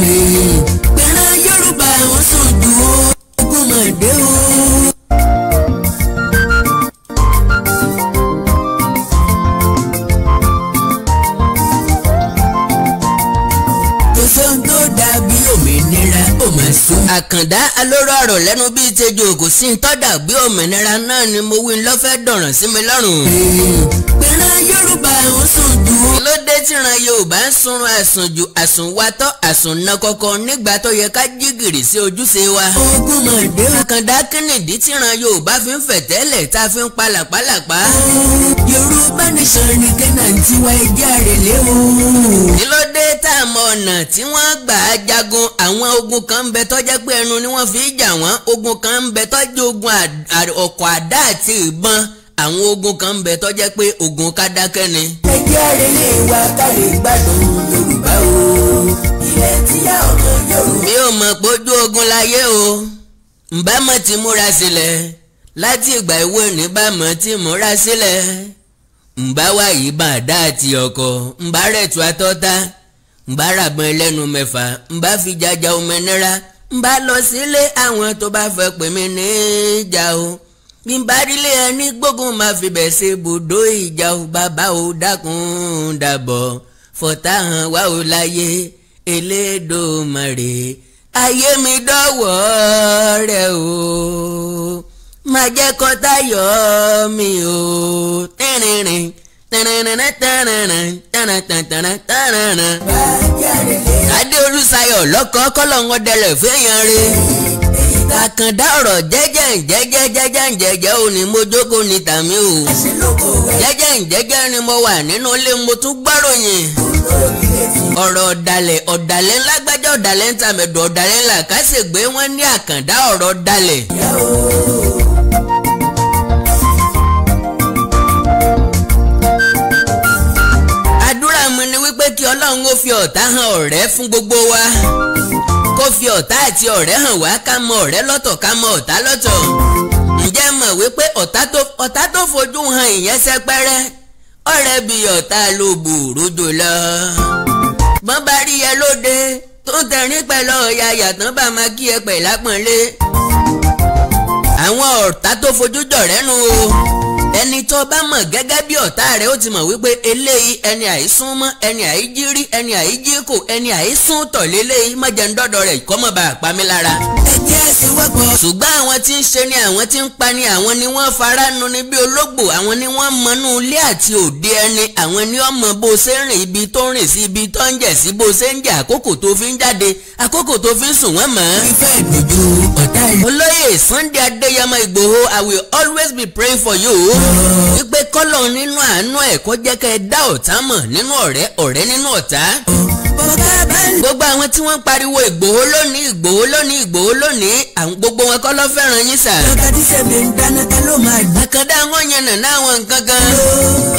mi. gbẹ̀rẹ̀ Yorùbá àwọn sàn jù ó ogún máa dé o. kò sóhun tó dàbí òmìnira ó máa sún. Àkàndá aló ọ̀rọ̀ lẹ́nu bíi tejò kò sí tọ́dà bí òmìnira náà ni mo wí lọ́fẹ́ dọ̀ràn sí mi lọ́rùn. gbẹ̀rẹ̀ Yorùbá ń sùn jù. ló dé tíran Yorùbá ń sunrun àsùn jù àsùn wa tọ́ àsùn na kọ̀kọ̀ nígbà tó yẹ ká jígìrì sí ojúṣe wa. ogun mà dé. àkàndá kínìdí tíran Yorùbá fi ń fẹ̀ tẹ́lẹ̀ tá a fi ń palàpalàpá. Yorùbá nìṣàn ní kẹ́nà tiwa ẹjẹ́ àrèlé o. kí ló dé tá a mọ ọ̀nà tí wọ́n gbà á jagun àwọn ogun kan ń bẹ tọ́jẹ́ pé ẹnu ni wọ́n fi jà wọ́n ogun kan ń bẹ tọ́jú ogun ọ̀kọ̀ àdá àti ìbọn àwọn ogun kan ń bẹ tó jẹ́ pé ogun ká dákẹ́ ni. ẹ jẹ́ relé wa ká lè gbádùn Yorùbá o ilẹ̀ tíyá ọmọ Yorùbá. mi ò mọ̀ pójú ogun láyé o ǹbámọ̀ ti múra sílẹ̀ láti ìgbà èwe níbàmọ̀ ti múra sílẹ̀ ǹbá yìí bá àdá àti ọkọ̀ ǹbá rẹ̀ tó atọ́ta ǹbá ràbọn ẹlẹ́nu mẹ́fà ǹbá fi jaja omi náírà n bá lọ sílé àwọn tó bá fẹ́ pè mí níjà o bí n bá rílé ẹni gbógun máa fi bẹ̀ ṣe bùdó ìjà o bàbá o dákun dàbọ̀ fọ̀tá hàn wá o láyé Elédùmarè ayé mi dọ́wọ́ rẹ o máa jẹ́ kó tayọ̀ mi o tínrìnrìn adé olùsayọ̀ lọ́kàn kọ́lọ́hún ọdẹlẹ̀ fẹ́yàn rẹ̀ àkàndá ọ̀rọ̀ jẹ́jẹ́ jẹ́jẹ́ jẹ́jẹ́ jẹ́jẹ́ ò ní mo jókòó ní tàmí o jẹ́jẹ́ jẹ́jẹ́ ni mo wà nínú ilé mo tún gbáròyìn ọ̀rọ̀ ọ̀dàlẹ̀ ọ̀dàlẹ̀ ńlágbájá ọ̀dàlẹ̀ ńtàmẹ̀dọ̀ ọ̀dàlẹ̀ ńlá kásìgbé wọn ní àkàndá ọ̀rọ̀ ọ̀dàlẹ̀. Yeah, oh. ọlọ́run ó fi ọ̀tá hàn ọ̀rẹ́ fún gbogbo wa kó fi ọ̀tá àti ọ̀rẹ́ hàn wá ká mọ ọ̀rẹ́ lọ́tọ̀ ká mọ ọ̀tá lọ́tọ̀ ǹjẹ́ mọ̀ wípé ọ̀tá tó fojú hàn ìyẹn sẹ́pẹ́rẹ́ ọ̀rẹ́ bí ọ̀tá ló gbòòrò lọ. bọ́n bá rí ẹ lóde tó ń tẹ̀rín pẹ̀lú ọ̀ya yàtọ̀ bá máa kí ẹ pẹ̀ lápọ̀nlé àwọn ọ̀tá tó fojú jọ̀rẹ́ nu o ẹni tó bá mọ̀ gẹ́gẹ́ bí ọ̀tá rẹ̀ ó ti mọ̀ wípé eléyìí ẹni àìsún mọ́ ẹni àìjírí ẹni àìjíkò ẹni àìsún tọ̀lé léyìí mọ̀jẹ̀ ń dọ́dọ̀ rẹ̀ kọ́ mọ̀ bá a pa mí lára. ẹjẹ́ sì wọ́pọ̀. ṣùgbọ́n àwọn tí ń ṣe ni àwọn tí ń pa ni àwọn ni wọ́n fara nu ni bí ológbò àwọn ni wọ́n mọnú ilé àti òde ẹni àwọn ni wọ́n mọ bó ṣe ń rìn ibi tó ń rìn sí ibi tó olóyè Sunday Adéyẹmọ Ìgbòho I will always be praying for you wípé kọ́lọ̀ nínú àánú ẹ̀ kó jẹ́ kẹ́ ẹ dá ọ̀tá mọ̀ nínú ọ̀rẹ́ ọ̀rẹ́ nínú ọ̀tá gbogbo àwọn tí wọ́n ń pariwo ìgbòho lónìí ìgbòho lónìí ìgbòho lónìí àwọn gbogbo wọn kọ́ ló fẹ́ràn yín sà. àkàndá wọn yẹn nà náà wọn nǹkan kan.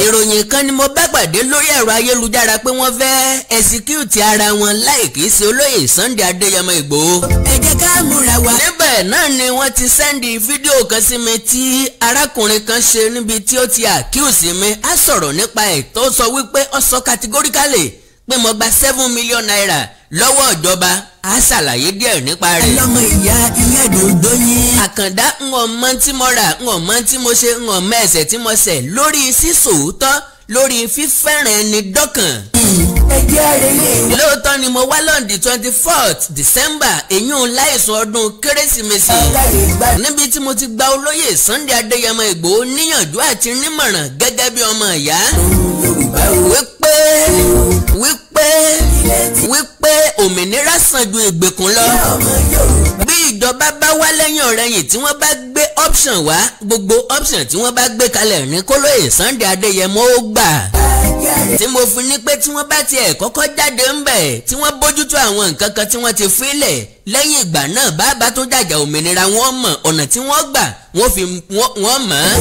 ìròyìn kan ni mo bá pàdé lórí ẹ̀rọ ayélujára pé wọ́n fẹ́ ẹ̀sìkúùtì ara wọn láì kìí ṣe olóyè Sunday Adéyẹmọ Ìgbòho. ẹ jẹ́ ká múra wá. níbẹ̀ náà ni wọ́n ti sẹ́ndì fídíò kan sí mi tí arákùnrin kan ṣe níbi tí ó ti àkíyèsí mi á sọ̀rọ̀ nípa ẹ̀ tó sọ wípé ó sọ kàtígóríkálì pé mo gba seven million naira lọ́wọ́ ìjọba a ṣàlàyé díẹ̀ nípa rẹ̀. ọlọ́mọ ìyá ilé ìdòdó yín. àkàndá ń wọ̀n mọ́ tí mo rà ń wọ̀n mọ́ tí mo ṣe ń wọ̀n mọ́ ẹ̀ṣẹ̀ tí mo ṣẹ̀ lórí sísòótọ́ lórí fífẹ́ràn ẹni dọ́kàn. ẹjẹ́ rẹ̀ lè wá. lóòótọ́ ni mo wá lọ́ndì twenty fourth december èyún láìsùn ọdún kérésìmesì. níbi tí mo ti gba olóyè sunday adéyẹmọ ìgbòho níyànjú àti nímọ̀ràn gẹ́gẹ́ bí ọmọ ìyá. wípé wípé wípé òmìnira sàn ju ìgbèkùn lọ bí ìjọba bá wá lẹ́yìn ọ̀rẹ́yìn tí wọ́n bá gbé option wá gbogbo option tí wọ́n bá gbé kalẹ̀ ní kólóyè Sunday Adéyẹmọ ó gbà tí mo fi ní pé tí wọ́n bá tiẹ̀ kọ́kọ́ jáde ń bẹ̀ tí wọ́n bójútó àwọn nǹkan kan tí wọ́n ti fílẹ̀ lẹ́yìn ìgbà náà bàbá tó jàjà òmìnira wọn mọ̀ ọ̀nà tí wọ́n gbà wọ́n fi wọ́n mọ̀ ọ́n.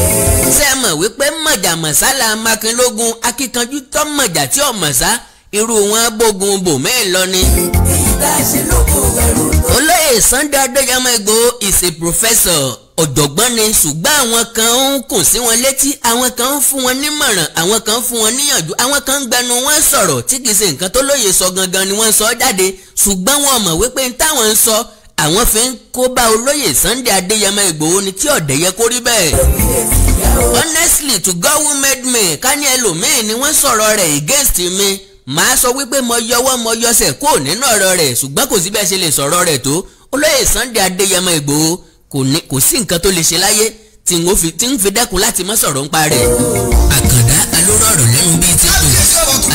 ṣé wípé mọ̀jà mọ̀sá la akíkanjú tó mọ̀jà tí ò mọ̀sá irú wọn gbógun bò mẹ́ẹ̀ lọ ni. olóyè Sunday Adéyẹmọ is a professor ọ̀jọ̀gbọ́n ni ṣùgbọ́n àwọn kan ń kùn sí wọn létí àwọn kan ń fún wọn nímọ̀ràn àwọn kan ń fún wọn níyànjú àwọn kan ń gbẹnu wọn sọ̀rọ̀ tí kì í ṣe nǹkan tó lóye sọ gangan ni wọ́n sọ jáde ṣùgbọ́n wọn mọ̀ wípé ní táwọn ń sọ àwọn fi ń kó bá olóyè Sunday Adéyẹmọ Ìgbòho ni tí ọ̀dẹ̀ yẹ kó rí bẹ́ẹ̀. honestly to God who made me ká ní ẹlòmíì ni wọ́n sọ̀rọ̀ rẹ̀ against me màá sọ wípé mo yọwọ́ mo yọsẹ̀ kó nínú ọ̀rọ̀ rẹ̀ ṣùgbọ́n kò sí bẹ́ẹ̀ ṣe lè sọ̀rọ̀ rẹ̀ tó olóyè Sunday Adéyẹmọ Ìgbòho kò sí nǹkan tó lè ṣe láyé tí ń fi dẹ́kun láti má sọ̀rọ̀ nípa rẹ̀. Àkàndá alóró ọ̀rọ̀ lẹ́nu bíi ti kù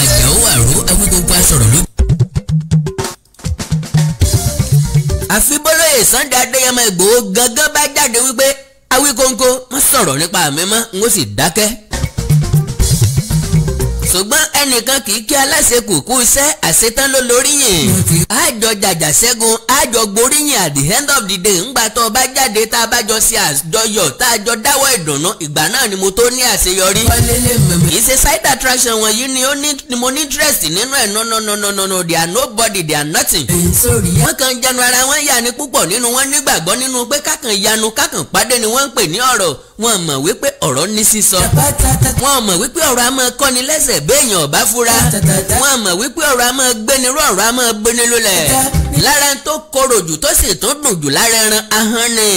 Àjàó Àrò awígbogbo asọ̀rọ̀ ló. àfi bólóyè Sunday Adéyẹmọ Ìgbòho gangan bá jáde wípé awíkóńkó má sọ̀rọ̀ nípa mi mọ́ n ó sì dákẹ́. ṣùgbọ́n ẹnìkan kì í kí aláṣekù kú iṣẹ́ àṣetán ló lóríyìn àjọ jàjà ṣẹ́gun àjọ gboríyìn at the end of the day ńgbà tó bá jáde tá a bá jọ ṣe àjọyọ̀ tá a jọ dáwọ́ ìdùnnú ìgbà náà ni mo tó ní àṣeyọrí kì í ṣe side attraction wọ̀nyí ni ó ní mo ní interest nínú ẹ̀ no no no no no no they are nobody they are nothing. wọ́n kàn jẹnu ara wọn yà ní púpọ̀ nínú wọn nígbàgbọ́ nínú pé kákan yanu kákan pàdé ni wọ́n ń pè ní ọ̀rọ̀ wọn mọ̀ wípé ọ̀rọ̀ ní sísọ wọn mọ̀ wípé ọ̀rọ̀ a máa kọ́ni lẹ́sẹ̀ béèyàn ọ̀bá fura wọn àmọ̀ wípé ọ̀rọ̀ a máa gbéni ró ọ̀rọ̀ a máa gbéni lólẹ̀ lára tó korò jù tó sì tún dùn jù lára ẹran ahọ́n ni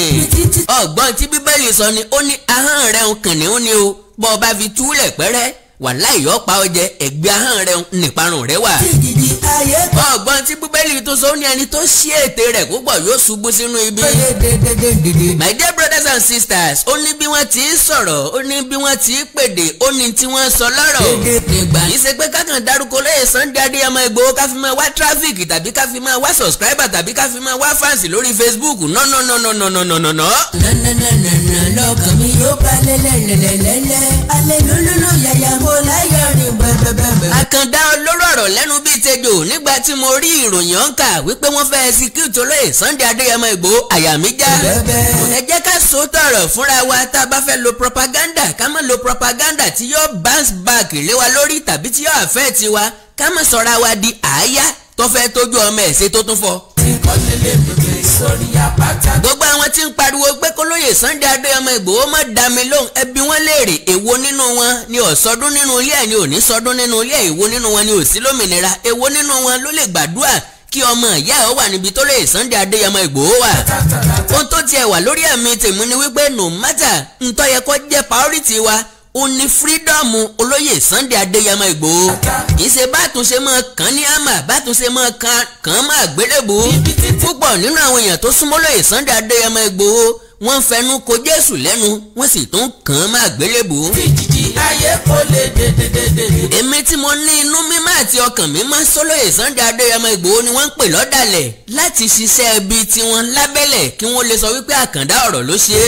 ọ̀gbọ́n tí bíbélì sọ ni ó ní ahọ́n rẹ̀ ń kìnìún ni o bọ́ ọ bá fi túlẹ̀ pẹ́rẹ́ wàláhì yóò pa ọ jẹ ẹ̀gbẹ́ ahọ́n rẹ̀ níparun rẹ̀ wà ọgbọ́n tí bíbélì tó sọ ní ẹni tó ṣí ète rẹ̀ púpọ̀ yóò ṣubú sínú ibi. my dear brothers and sisters ó ní bí wọ́n ti í sọ̀rọ̀ ó ní bí wọ́n ti í pèdè ó ní tí wọ́n sọ lọ́rọ̀. kì í ṣe pé kákan dárúkọ lóye Sunday Adéyẹmọ Ìgbòho ká fi máa wá traffic tàbí ká fi máa wá subscriber tàbí ká fi máa wá fans lórí Facebook no no no no no no no no. nananana lọkàn mi yóò bá lẹ́lẹ́lẹ́lẹ́lẹ́ alẹ́ lólóló yàyà mo láyọ̀ rìn bàbàbàbà. àkàndá olóró ọ̀rọ̀ lẹ́nu bíi tejò nígbà tí mo rí ìròyìn ọ̀nkà wípé wọ́n fẹ́ ẹsikúùtù olóyè Sunday Adéyẹmọ Ìgbòho àyà mi já. ẹ jẹ́ ká so tọ̀rọ̀ fúnra wa tá a bá fẹ́ lo propaganda ká má lo propaganda tí yóò bounce back lé wa lórí tàbí tí yóò affect wa ká má sọ̀ra wa di àáyá tó fẹ́ tójú ọmọ ẹ̀ ṣe tó tún fọ. ìkọ́lé lè bèbè gbogbo àwọn tí ń pariwo pé kólóyè Sunday Adéyẹmọ Ìgbòho má dá mi lóhùn ẹbí wọn léèrè èwo nínú wọn ni ó sọdún nínú ilé ẹ̀ ni ò ní sọdún nínú ilé ẹ̀ èwo nínú wọn ni ò sí lómìnira èwo nínú wọn ló lè gbàdúrà kí ọmọ ìyá ẹ̀ wà níbi tó lè Sunday Adéyẹmọ Ìgbòho wà. ohun tó tiẹ̀ wà lórí ẹ̀mí tèmi ni wípé no matter ntọ́ yẹ kó jẹ́ priority wa òun ni fírídọ́ọ̀mù olóyè Sunday Adéyẹmọ Ìgbòho kì í ṣe bátúnṣe máa kàn ní àmà bátúnṣe máa kàn kàn máa gbélébò púpọ̀ nínú àwọn èèyàn tó súnmọ́ olóyè Sunday Adéyẹmọ Ìgbòho wọ́n fẹnu ko Jésù lẹ́nu wọ́n sì tún kàn máa gbélébò ayé kò lè dédédédé. èmi tí mo ní inú mímọ́ àti ọkàn mímọ́ sólóyè Sunday Adéyẹmọ Ìgbòho ni wọ́n ń pè lọ́dàlẹ̀ láti ṣiṣẹ́ ibi tiwọn lábẹ́lẹ̀ kí wọ́n lè sọ wípé àkàndá ọ̀rọ̀ ló ṣe é.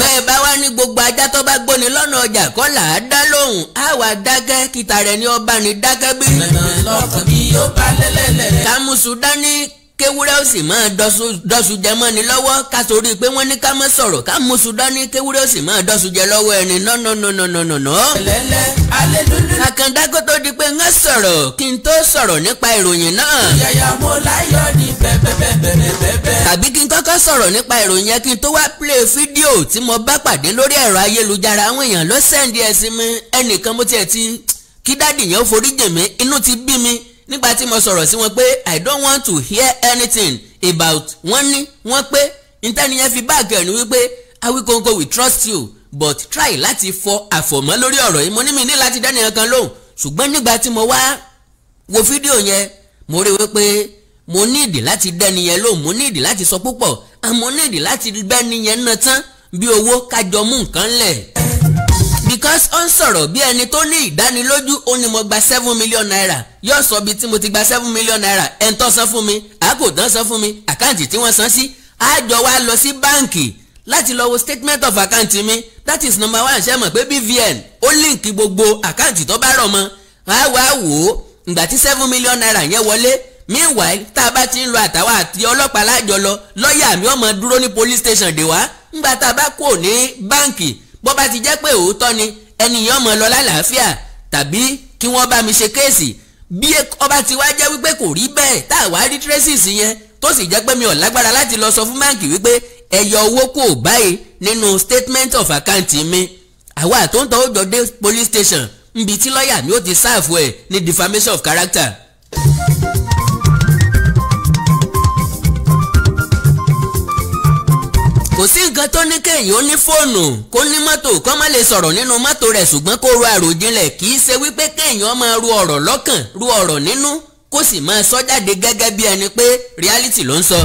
bẹ́ẹ̀ bá wá ní gbogbo ajá tó bá gbóni lọ́nà ọjà kọ́ là á dá lóhùn á wà dákẹ́ kíta rẹ̀ ni ọba ni dákẹ́ bí. lọ́kàn bí yóò bá lẹ́lẹ́lẹ́. kàmùsùn dání kéwúrẹ́ ó sì máa dọ́sù jẹ mọ́ni lọ́wọ́ ká torí pé wọ́n ní ká má sọ̀rọ̀ ká mú su dání kéwúrẹ́ ó sì máa dọ́sù jẹ lọ́wọ́ ẹni nọ́nọ́nọ́nọ́nọ́nọ́. lẹ́lẹ́ alẹ́ dúdú. àkàndá tó di pé ń sọ̀rọ̀ kí n tó sọ̀rọ̀ nípa ìròyìn náà. yàyà mo láyọ̀ ní bẹ́ẹ̀bẹ́ẹ̀bẹ́ẹ̀bẹ́ẹ̀. tàbí kí n kọ́kọ́ sọ̀rọ̀ nípa ìròyìn yẹn kí n tó wá nígbà tí mo sọ̀rọ̀ sí wọn pé i don't want to hear anything about wọ́n ní wọ́n pé ìtẹ́niyẹn fi báàgì ẹ̀nu wípé Awikonko we trust you but try láti fọ àfọ̀mọ́ lórí ọ̀rọ̀ yìí mo ní mi ní láti dẹ́nìyàn kan lóhùn ṣùgbọ́n nígbà tí mo wá wo fídíò yẹn mo rí wípé mo ní ìdí láti dẹ́nìyẹn lóhùn mo ní ìdí láti sọ púpọ̀ àmọ́ ní ìdí láti bẹ́nìyẹn náà tán bí owó kájọ mú nǹkan lẹ̀ because ó ń sọ̀rọ̀ bí ẹni tó ní ìdánilójú ó ní mo gba seven million naira yóò sọ bíi tí mo ti gba seven million naira ẹni tó san fún mi àkótán san fún mi àkáǹtì tí wọ́n san sí àjọ wa lọ sí báǹkì láti lọ wo statement of account mi that is number one ṣe mọ̀ pé BVN ó líǹkì gbogbo àkáǹtì tó bá rọ̀ mọ́ á wá wò ó ìgbà tí seven million naira yẹn wọlé meanwhile tá a bá ti ń lo àtàwọn àti ọlọ́pàá lájọ lọ lọ́ọ̀yà mi ọmọ dúró ní police station dè wá ńgbà tá a bá kò ní báǹkì bó bá ti jẹ́ pé òótọ́ ni ẹnìyàn mọ̀ lọ lálàáfíà tàbí kí wọ́n bá mi ṣe kéèsì bí ọba e ti wá jẹ́ wípé kò rí bẹ́ẹ̀ tá a wá rí traces yẹn tó sì jẹ́ pé mi ò lágbára láti lọ sọ fún báǹkì wípé ẹ yọ owó kù báyìí nínú statement of account mi àwa àtúntò ó dé police station nbi tí lọ́ọ̀yà mi ó ti sáàfù ẹ̀ ní defamation of character ẹnìkan tó ní kéèyàn ó ní fóònù kó ní mọ́tò kó má lè sọ̀rọ̀ nínú mọ́tò rẹ̀ ṣùgbọ́n kó ro àròjinlẹ̀ kì í ṣe wípé kéèyàn máa ru ọ̀rọ̀ lọ́kàn ru ọ̀rọ̀ nínú kó sì máa sọ jáde gẹ́gẹ́ bí ẹni pé reality ló ń sọ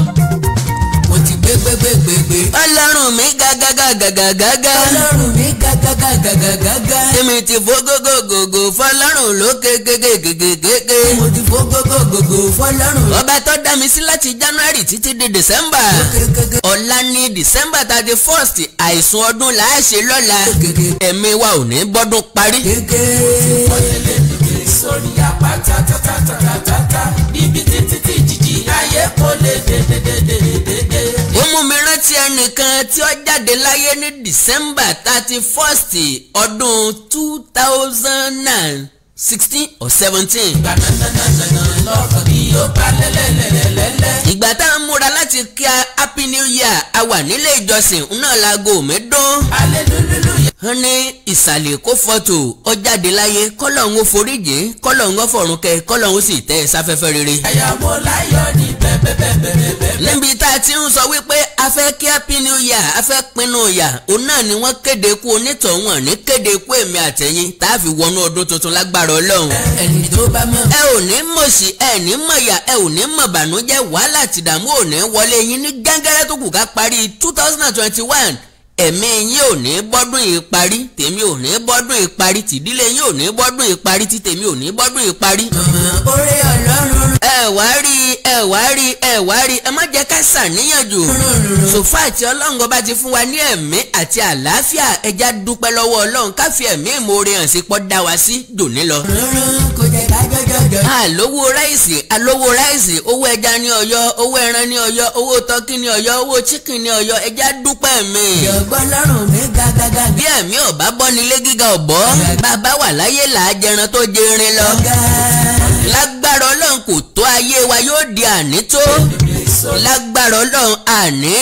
gbégbégbégbé. ọlọ́run mi gàgàgàgàgàgà. ọlọ́run mi gàgàgàgàgàgà. èmi ti fógógógógó fọlọ́run lókè gégégégégé. mo ti fógógógógó fọlọ́run. ọba tó dá mi sí láti january títí di december. ọ̀la ni december thirty first àìsùn ọdún là á ṣe lọ́la. ẹ̀mí wa ò ní bọ́dún parí. sórí apá tatatatata ibi títí tí jìjì ayé kò lè dédédédé ẹnìkan tí ó jáde láyé ní December thirty first ọdún two thousand nine, sixteen or seventeen. ìgbà nananana lọ́kàn bí ó bá lẹ́lẹ́lẹ́lẹ́lẹ́. ìgbà tá a múra láti kí a happy new year a wà nílé ìjọsìn náà láago mi dún. hallelujah. wọ́n ní ìsàlẹ̀ kó fọ́tò ó jáde láyé kọ́lọ́hún ó foríjì kọ́lọ́hún ó fọ̀run kẹ́ kọ́lọ́hún ó sì tẹ́ ẹ sáfẹ́fẹ́ rere. ẹ̀yàwó láyọ̀ ní bẹ́ẹ̀ bẹ́ẹ̀ bẹ́ẹ̀ bẹ́ẹ̀ bẹ́ẹ̀. níbi tá a ti ń sọ wípé a fẹ́ kí happy new year a fẹ́ pinnu yà òun náà ni wọ́n kéde kú onítọ̀hún ní kéde kú èmi àtẹ̀yìn tá a fi wọnú ọdún tuntun lágbára ọlọ́run. ẹni tó bá mọ̀. ẹ ò ní mọ̀ ẹ ní mọ̀ ẹ ò ní mọ̀ wàhálà tìdààmú ò ní wọlé yín ní gángan tó kù ká parí two thousand and twenty one ẹ̀mí yín ò ní bọ́dún ìparí tèmi ò ní bọ́dún ìparí tìdílé yín ò ní bọ́dún ìparí tí tèmi ò ní bọ́dún ìparí. orí ọlọ́run. ẹ wá rí ẹ wá rí ẹ wá rí ẹ má jẹ́ ká ṣàníyànjú. sòfò àti ọlọ́run ọba ti fún wa ní ẹ̀mí àti àlàáfíà ẹja dúpẹ́ lọ́wọ́ ọlọ́run ká fi ẹ̀mí ìmoore hàn sí pọ́ dá wa sí dòní lọ. kò jẹ́ ká alówó ah, ráìsì alówó ah, ráìsì owó ẹja ní Ọ̀yọ́ owó ẹran ní Ọ̀yọ́ owó tọ́kì ní Ọ̀yọ́ owó chicken ní Ọ̀yọ́ ẹja dúpẹ́ mi. ìyọ̀gbọ́n lọ́rùn mi gágágá. bí ẹ̀mí ọ̀bá bọ́ nílé gíga ọ̀bọ́ bàbá wà láyé làá jẹran tó jẹrin lọ. lágbára Ọlọ́run kò tó ayé wa yóò di ànító lágbára ọlọ́run àní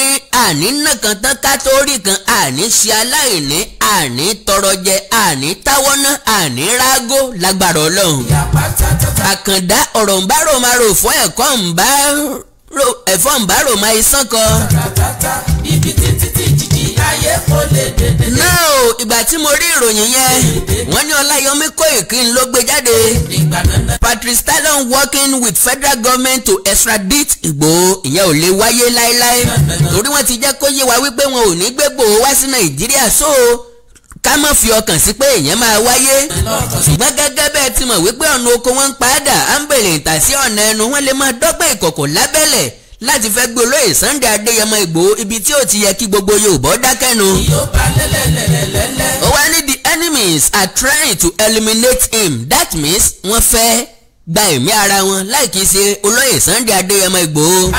àní nàkan tán ká tó rí kan àní ṣe aláìní àní tọrọ jẹ àní táwọ́ ná àní rágó lágbára ọlọ́run. àkàndá ọ̀rọ̀ ń bá ròmárò fún ẹ̀kọ́ ń bá ẹ̀fọ́ ń bá ròmá iṣán kan. ibi títí náà o ìgbà tí mo rí ìròyìn yẹn wọ́n ní ọláyọmí kó ìkíni ló gbé jáde Patrice Talon working with federal government to extradite Ìgbòho ìyẹn ò lè wáyé láéláé torí wọ́n ti jẹ́ kó yé wa wípé wọn ò ní gbé Ìgbòho wá sí Nàìjíríà so ká má fi ọkàn sí pé èèyàn máa wáyé ṣùgbọ́n gẹ́gẹ́ bẹ́ẹ̀ ti mọ̀ wípé ọ̀nà oko wọn ń padà à ń bèrè ìtàsí ọ̀nà ẹnu wọn lè máa dọ́gbẹ́ ìkọ̀kọ̀ lábẹ́lẹ̀ láti fẹ́ gbé olóyè Sunday Adéyẹmọ Ìgbòho ibi tí ó ti yẹ kí gbogbo Yorùbá dákẹ́nu. ó wá ní the enemies are trying to eliminate him that means wọ́n fẹ́ gba ẹ̀mí ara wọn láì kí ṣe olóyè Sunday Adéyẹmọ Ìgbòho.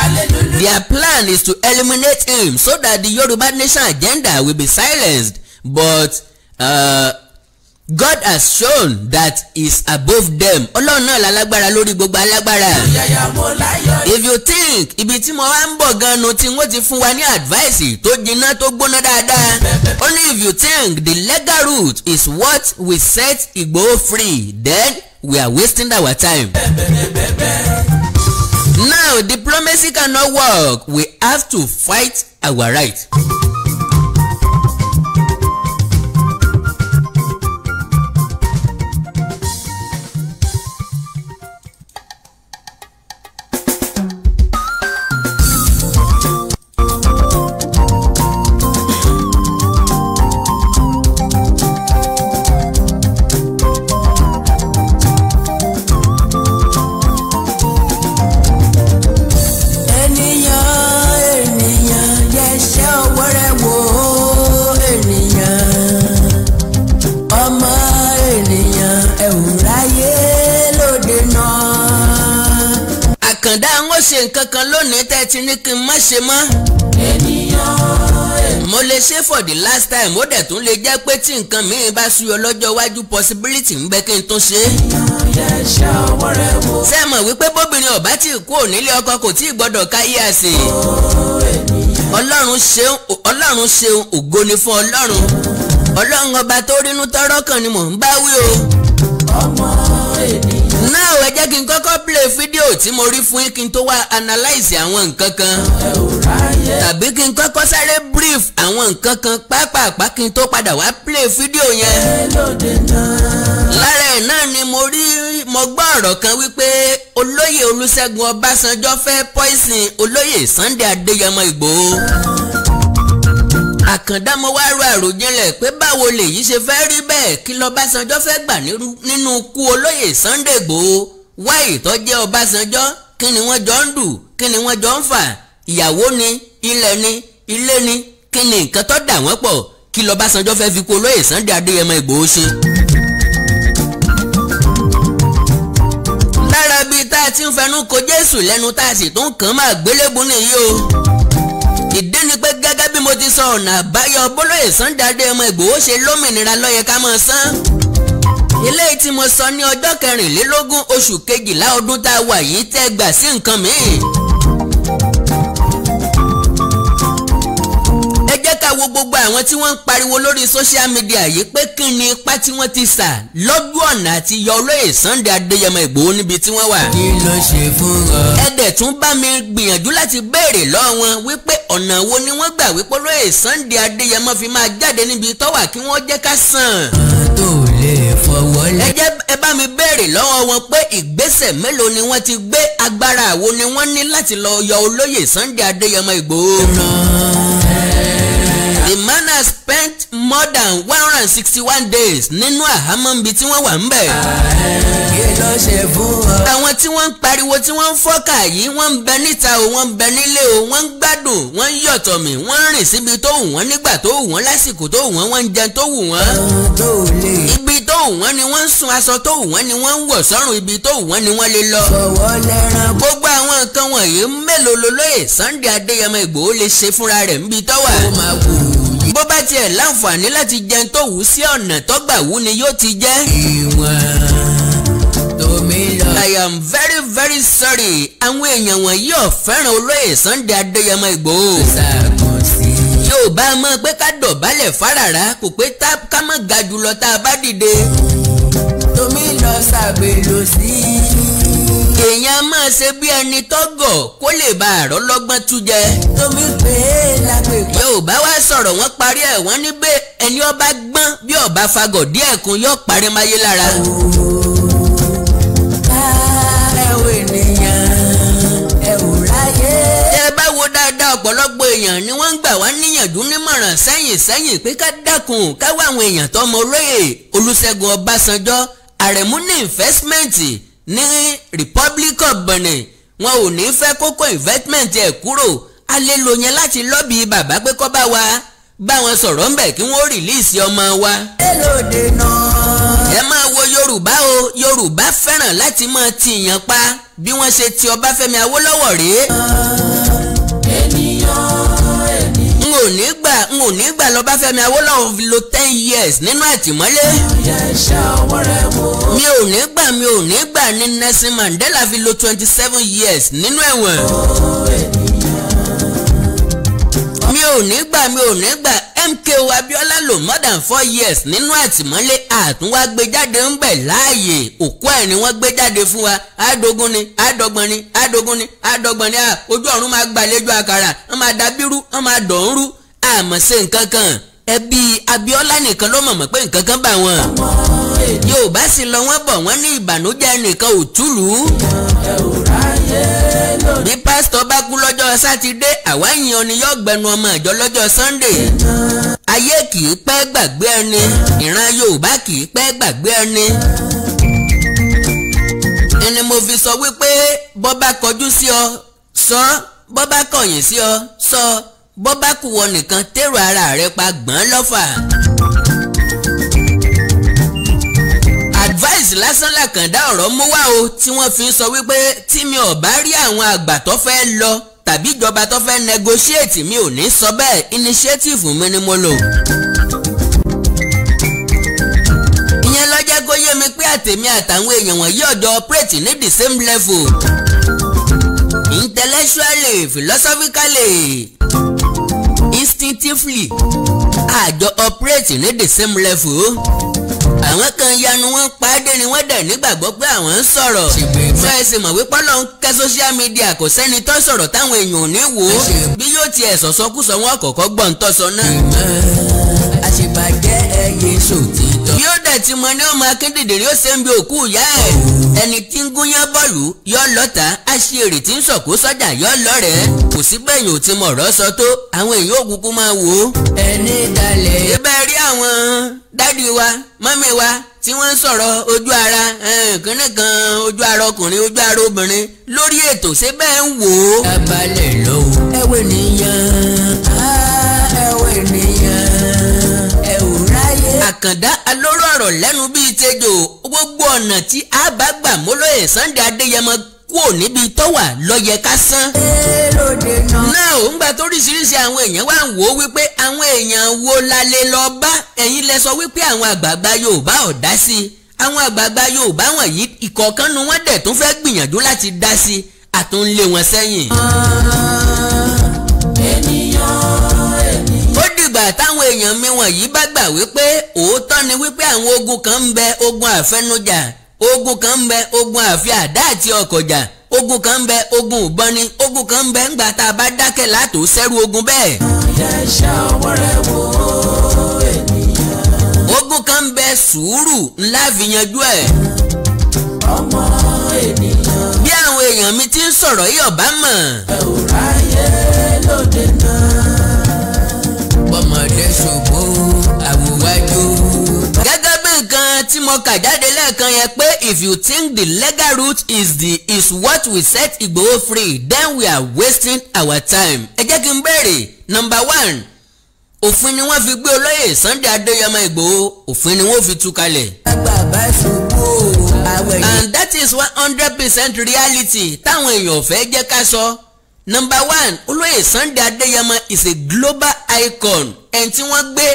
their plan is to eliminate him so that the Yorùbá nation agenda will be silenced but. Uh, God has shown that is above them. Ọlọ́run náà lálágbára lórí gbogbo alágbára. If you think ibi tí mo wá ń bọ̀ gan-an tí wọ́n ti fún wa ní advice tó jiná tó gbóná dáadáa. Only if you think the legal route is what we set Igboho free then we are wasting our time. Now diplomacy cannot work we have to fight our right. ti ní kí n má ṣe mọ́. ènìyàn. mo lè ṣe for the last time ó dẹ̀ tún lè jẹ́ pé tí nǹkan mìíràn bá súyọ lọ́jọ́ iwájú possibility ń bẹ kí n tún ṣe. ènìyàn ṣe ọwọ́ rẹ̀ wò. ṣé ẹ mọ̀ wípé bóbìnrin ọ̀bá tí kú ò nílé ọkọ kò tí ì gbọ́dọ̀ ká yíyà sí i. ọlọ́run ṣeun ògo ni fún ọlọ́run ọlọ́run ọba tó rínú tọ́rọ́ kan ni mò ń bá wí o. ọmọ ènìyàn now ẹ jẹ́ kí n kọ́kọ́ play fídíò tí mo rí fún yín kí n tó wá analyze àwọn nǹkan kan tàbí kí n kọ́kọ́ sáré brief àwọn nǹkan kan pápápá kí n tó padà wá play fídíò yẹn lára ẹ̀ náà ni mo rí mo gbọ́ ọ̀rọ̀ kan wípé olóyè Olúṣẹ́gun Ọbásanjọ́ fẹ́ poison olóyè Sunday Adéyẹmọ Ìgbòho àkàndá mo wá ro àròjinlẹ̀ pé báwo lèyí ṣe fẹ́ rí bẹ́ẹ̀ kí lọ́básanjọ́ fẹ́ gbà nínú ikú olóyè Sunday Igboho wáyé tó kí ni wọ́n jọ ń dù kí ni wọ́n jọ ń fà ìyàwó ni ilẹ̀ ni ilé ni kí ni nǹkan tó dà wọ́n pọ̀ kí lọ́básanjọ́ fẹ́ fi kú olóyè Sunday Adéyẹmọ Igboho ṣe. lára bíi tá a ti ń fẹnu ko Jésù lẹ́nu tá a sì tún kàn máa gbélébùú nìyí o mo ti sọ ọ̀nà àbáyọ bólóyè Sunday Adéyẹmọ Ìgbòho ṣe lómìnira lọ́yẹ ká mọ̀ san eléyìí tí mo sọ ní ọjọ́ kẹrìnlélógún oṣù kejìlá ọdún tá a wà yìí tẹ́ gbà sí nǹkan mìíràn wo gbogbo àwọn tí wọ́n ń pariwo lórí social media yìí pé kí ni ipa tí wọ́n ti sà lọ́jọ́ ọ̀nà àti yọ olóyè Sunday Adéyẹmọ Ìgbòho níbi tí wọ́n wà. kí ló ṣe fún ọ. ẹ̀dẹ̀ tún bá mi gbìyànjú láti béèrè lọ́wọ́ wọn wípé ọ̀nà wo ni wọ́n gbà wípé olóyè Sunday Adéyẹmọ fi máa jáde níbi tọ́wà kí wọ́n jẹ́ ká sàn. tó lè fọwọ́ lẹ. ẹ jẹ́ ẹ bá mi béèrè lọ́wọ́ wọn pé ìgbésẹ̀ mélòó ni wọ́n hannah spent more than one hundred and sixty one days nínú àhámọ́ níbi tí wọ́n wà ń bẹ̀. àwọn tí wọ́n ń pariwo tí wọ́n ń fọ́kà yìí wọ́n ń bẹ níta o wọ́n ń bẹ nílé o wọ́n ń gbádùn wọ́n ń yọ̀tọ̀ mi wọ́n ń rìn síbi tó wù wọ́n nígbà tó wù wọ́n lásìkò tó wù wọ́n wọ́n ń jẹun tó wù wọ́n. ibi tó wù wọ́n ni wọ́n ń sun aṣọ tó wù wọ́n ni wọ́n ń wọ̀ sọ́rùn ibi tó wù wọ́n ni wọ́n lè lọ. gbogbo àwọn nǹkan wọ̀nyí mélòó lolóyè Sunday Adéyẹmọ Ìgbòho lè ṣe fúnra rẹ̀ níbi tọ́wà. ó máa wù ú bó bá tiẹ̀ láǹfààní láti jẹun tó wù sí ọ̀nà tó wù ni yóò ti jẹ́. ìwọ̀n tómi I am very very sorry àwọn èèyàn wọ̀nyí ò fẹ́ràn olóyè Sunday Adéyẹmọ Ìgbòho. yóò bá a mọ̀ pé ká dọ̀bálẹ̀ fárara kò pé ká má ga jùlọ tá a bá dìde. tómi lọ sí i kéèyàn máa ṣe bí ẹni tọ́gọ̀ kó lè bá àrọ́ lọ́gbọ́n tú jẹ. tómi pé lágbè. yorùbá wá sọ̀rọ̀ wọ́n parí ẹ̀ wọ́n ní bẹ́ẹ̀ ẹni ọba gbọ́n bí ọba fagọ̀ díẹ̀ kún yóò parí máyé lára. ọ̀pọ̀lọpọ̀ èèyàn ni wọ́n ń gbà wá níyànjú nímọ̀ràn sẹ́yìn sẹ́yìn pé ká dákun káwọ́ àwọn èèyàn tó mọ olóyè Olúṣẹ́gun Ọbásanjọ́ Àrẹ̀mú ní investment ní Republic of Benin wọn ò ní fẹ́ kókó investment ẹ̀ kúrò a lè lò yẹn láti lọ́bì bàbá pé kọ́ bá wa bá wọn sọ̀rọ̀ ńbẹ̀ kí wọ́n rìlíìsì ọmọ wa. elóde náà. ẹ máa wo Yorùbá o Yorùbá fẹ́ràn láti máa tìyàn pa bí wọ́n ṣe ti Ọbáfẹ́mi Awólọ́wọ̀ rèé ò ní gbà n ò ní gbà lọ́báfẹ́mi Awólọ́wọ̀ fi lo ten years nínú àtìmọ́lé. mi ò ní gbà mi ò ní gbà ní Nelson Mandela fi lo twenty seven years nínú ẹ̀wọ̀n. mi ò ní gbà mi ò ní gbà MKO Abiola lò more than four years nínú àtìmọ́lé àtúnwá gbé jáde ń bẹ̀ láàyè òkú ẹ̀ ni wọ́n gbé jáde fún wa àdógún ni àdọ́gbọ̀n ni àdógún ni àdọ́gbọ̀n ni ojú ọ̀run máa gbàlejò àkàrà wọ́n máa da bírú wọ́n máa dọ̀ọ́rú àmọ́ ṣe nǹkan kan ẹbí Abíọ́lá nìkan ló mọ̀mọ́ pé nǹkan kan bá wọn yóò sì lọ wọ́n bọ̀ wọ́n ní ìbànújẹ́ nìkan ò túlù bí pásítọ̀ bá kú lọ́jọ́ sátidé àwa yìn ọ́ ni yóò gbẹnu ọmọ ìjọ lọ́jọ́ sunday ayé kì í pẹ́ gbàgbé ẹni ìran Yorùbá kì í pẹ́ gbàgbé ẹni ẹni mo fi sọ wípé bọ́ bá kọjú sí ọ sọ bọ́ bá kọ̀yìn sí ọ sọ. So, bó bá kú wọ nìkan tèrò ara rẹ pa gbọ́n lọ́fà. advice lásán làkàndá ọ̀rọ̀ mú wá o tí wọ́n fi ń sọ wípé tí mi ò bá rí àwọn àgbà tó fẹ́ lọ tàbí ìjọba tó fẹ́ negotiate mi ò ní sọ bẹ́ẹ̀ initiative mi ni mo lò. ìyẹn ló jẹ́ kó yé mi pé àtèmi àtàwọn èèyàn wọ̀nyí ọ̀dọ̀ operate ní the same level intellectually philosophically distinctively àjọ operate ní the same level àwọn kan yanu wọn pàdé ni wọn dẹ̀ nígbàgbọ́ pé àwọn ń sọ̀rọ̀ sọ ẹ sì mọ̀ wípé Ọlọ́run kẹ́ social media kò sẹ́ni tó sọ̀rọ̀ táwọn èèyàn ò ní wò ó bí yóò tiẹ̀ sọ̀sọ́kùsọ wọn kọ̀ọ̀kọ́ gbọ̀ǹtọ̀sọ náà. àṣìbàjẹ́ ẹyẹ sòtì yóò dẹ̀ ti mọ ní ọmọ akíndèdèrè ó ṣe ń bi òkú ìyá ẹ̀ ẹni tí ń gúnyán bọ́ọ̀lù yọ lọ́ta á ṣe èrè tí ń sọ̀kó sọ́jà yọ lọ́rẹ̀ẹ́ kò sí bẹ́yìn ò ti mọ̀ ọ̀rọ̀ sọ tó àwọn èèyàn òkùnkùn máa wò ó. ẹni dalẹ̀. ibẹ̀ rí àwọn dádì wa mọ́mí wa tí wọ́n ń sọ̀rọ̀ ojú ara kínní kan ojú ara ọkùnrin ojú ara obìnrin lórí ètò ṣé bẹ́ẹ̀ ń wò ó. abalẹ̀ lọ́wọ́ ẹ̀wẹ̀ nìyẹn. àkàndá alóró ọ̀rọ̀ lẹ́nu bíi tejò gbogbo ọ̀nà tí a bá gbà mólóyè Sunday Adéyẹmọ kúò níbi tó wà lọ́yẹ ká san. náà ò ń gbà toríṣiríṣi àwọn èèyàn wá ń wò ó wípé àwọn èèyàn wo la lọ bá ẹ̀yin lẹ sọ wípé àwọn àgbààgbà Yorùbá ò dá sí i àwọn àgbààgbà Yorùbá wọ̀nyí ìkọ̀ọ̀kan nu wọ́n dẹ̀ tún fẹ́ gbìyànjú láti dá sí i àtúnlé wọn sẹ́yìn. Uh -huh. ìgbà táwọn èèyàn mi wọ̀nyí bá gbà wípé òótọ́ ni wípé àwọn ogun kan ń bẹ ogun àfẹnujà ogun kan ń bẹ ogun àfi àdá àti ọkọ̀jà ogun kan ń bẹ ogun ìbọni ogun kan ń bẹ ńgbà tá a bá dákẹ́ látò sẹ́rù ogun bẹ́ẹ̀. ogun kan ń bẹ sùúrù ńlá fi ẹ̀. bí àwọn èèyàn mi ti ń sọ̀rọ̀ yìí ọ̀bá mọ̀. ẹ̀ ò ráyè lóde náà ọmọdé ṣògbó àwòwájú. gẹ́gẹ́ bí nǹkan tí mo kà jáde lẹ́ẹ̀kan yẹn pé if you think the legal route is the is what we set Igboho free then we are wasting our time. ẹ jẹ́ kí n béèrè number one òfin ni wọ́n fi gbé olóyè Sunday Adéyẹmọ Ìgbòho òfin ni wọ́n fi tú kalẹ̀. bàbá ṣubú àwẹ̀ yìí. and that is one hundred percent reality táwọn èèyàn fẹ́ jẹ́ ká sọ. So number one olóyè Sunday Adéyẹmọ is a global icon ẹni tí wọ́n gbé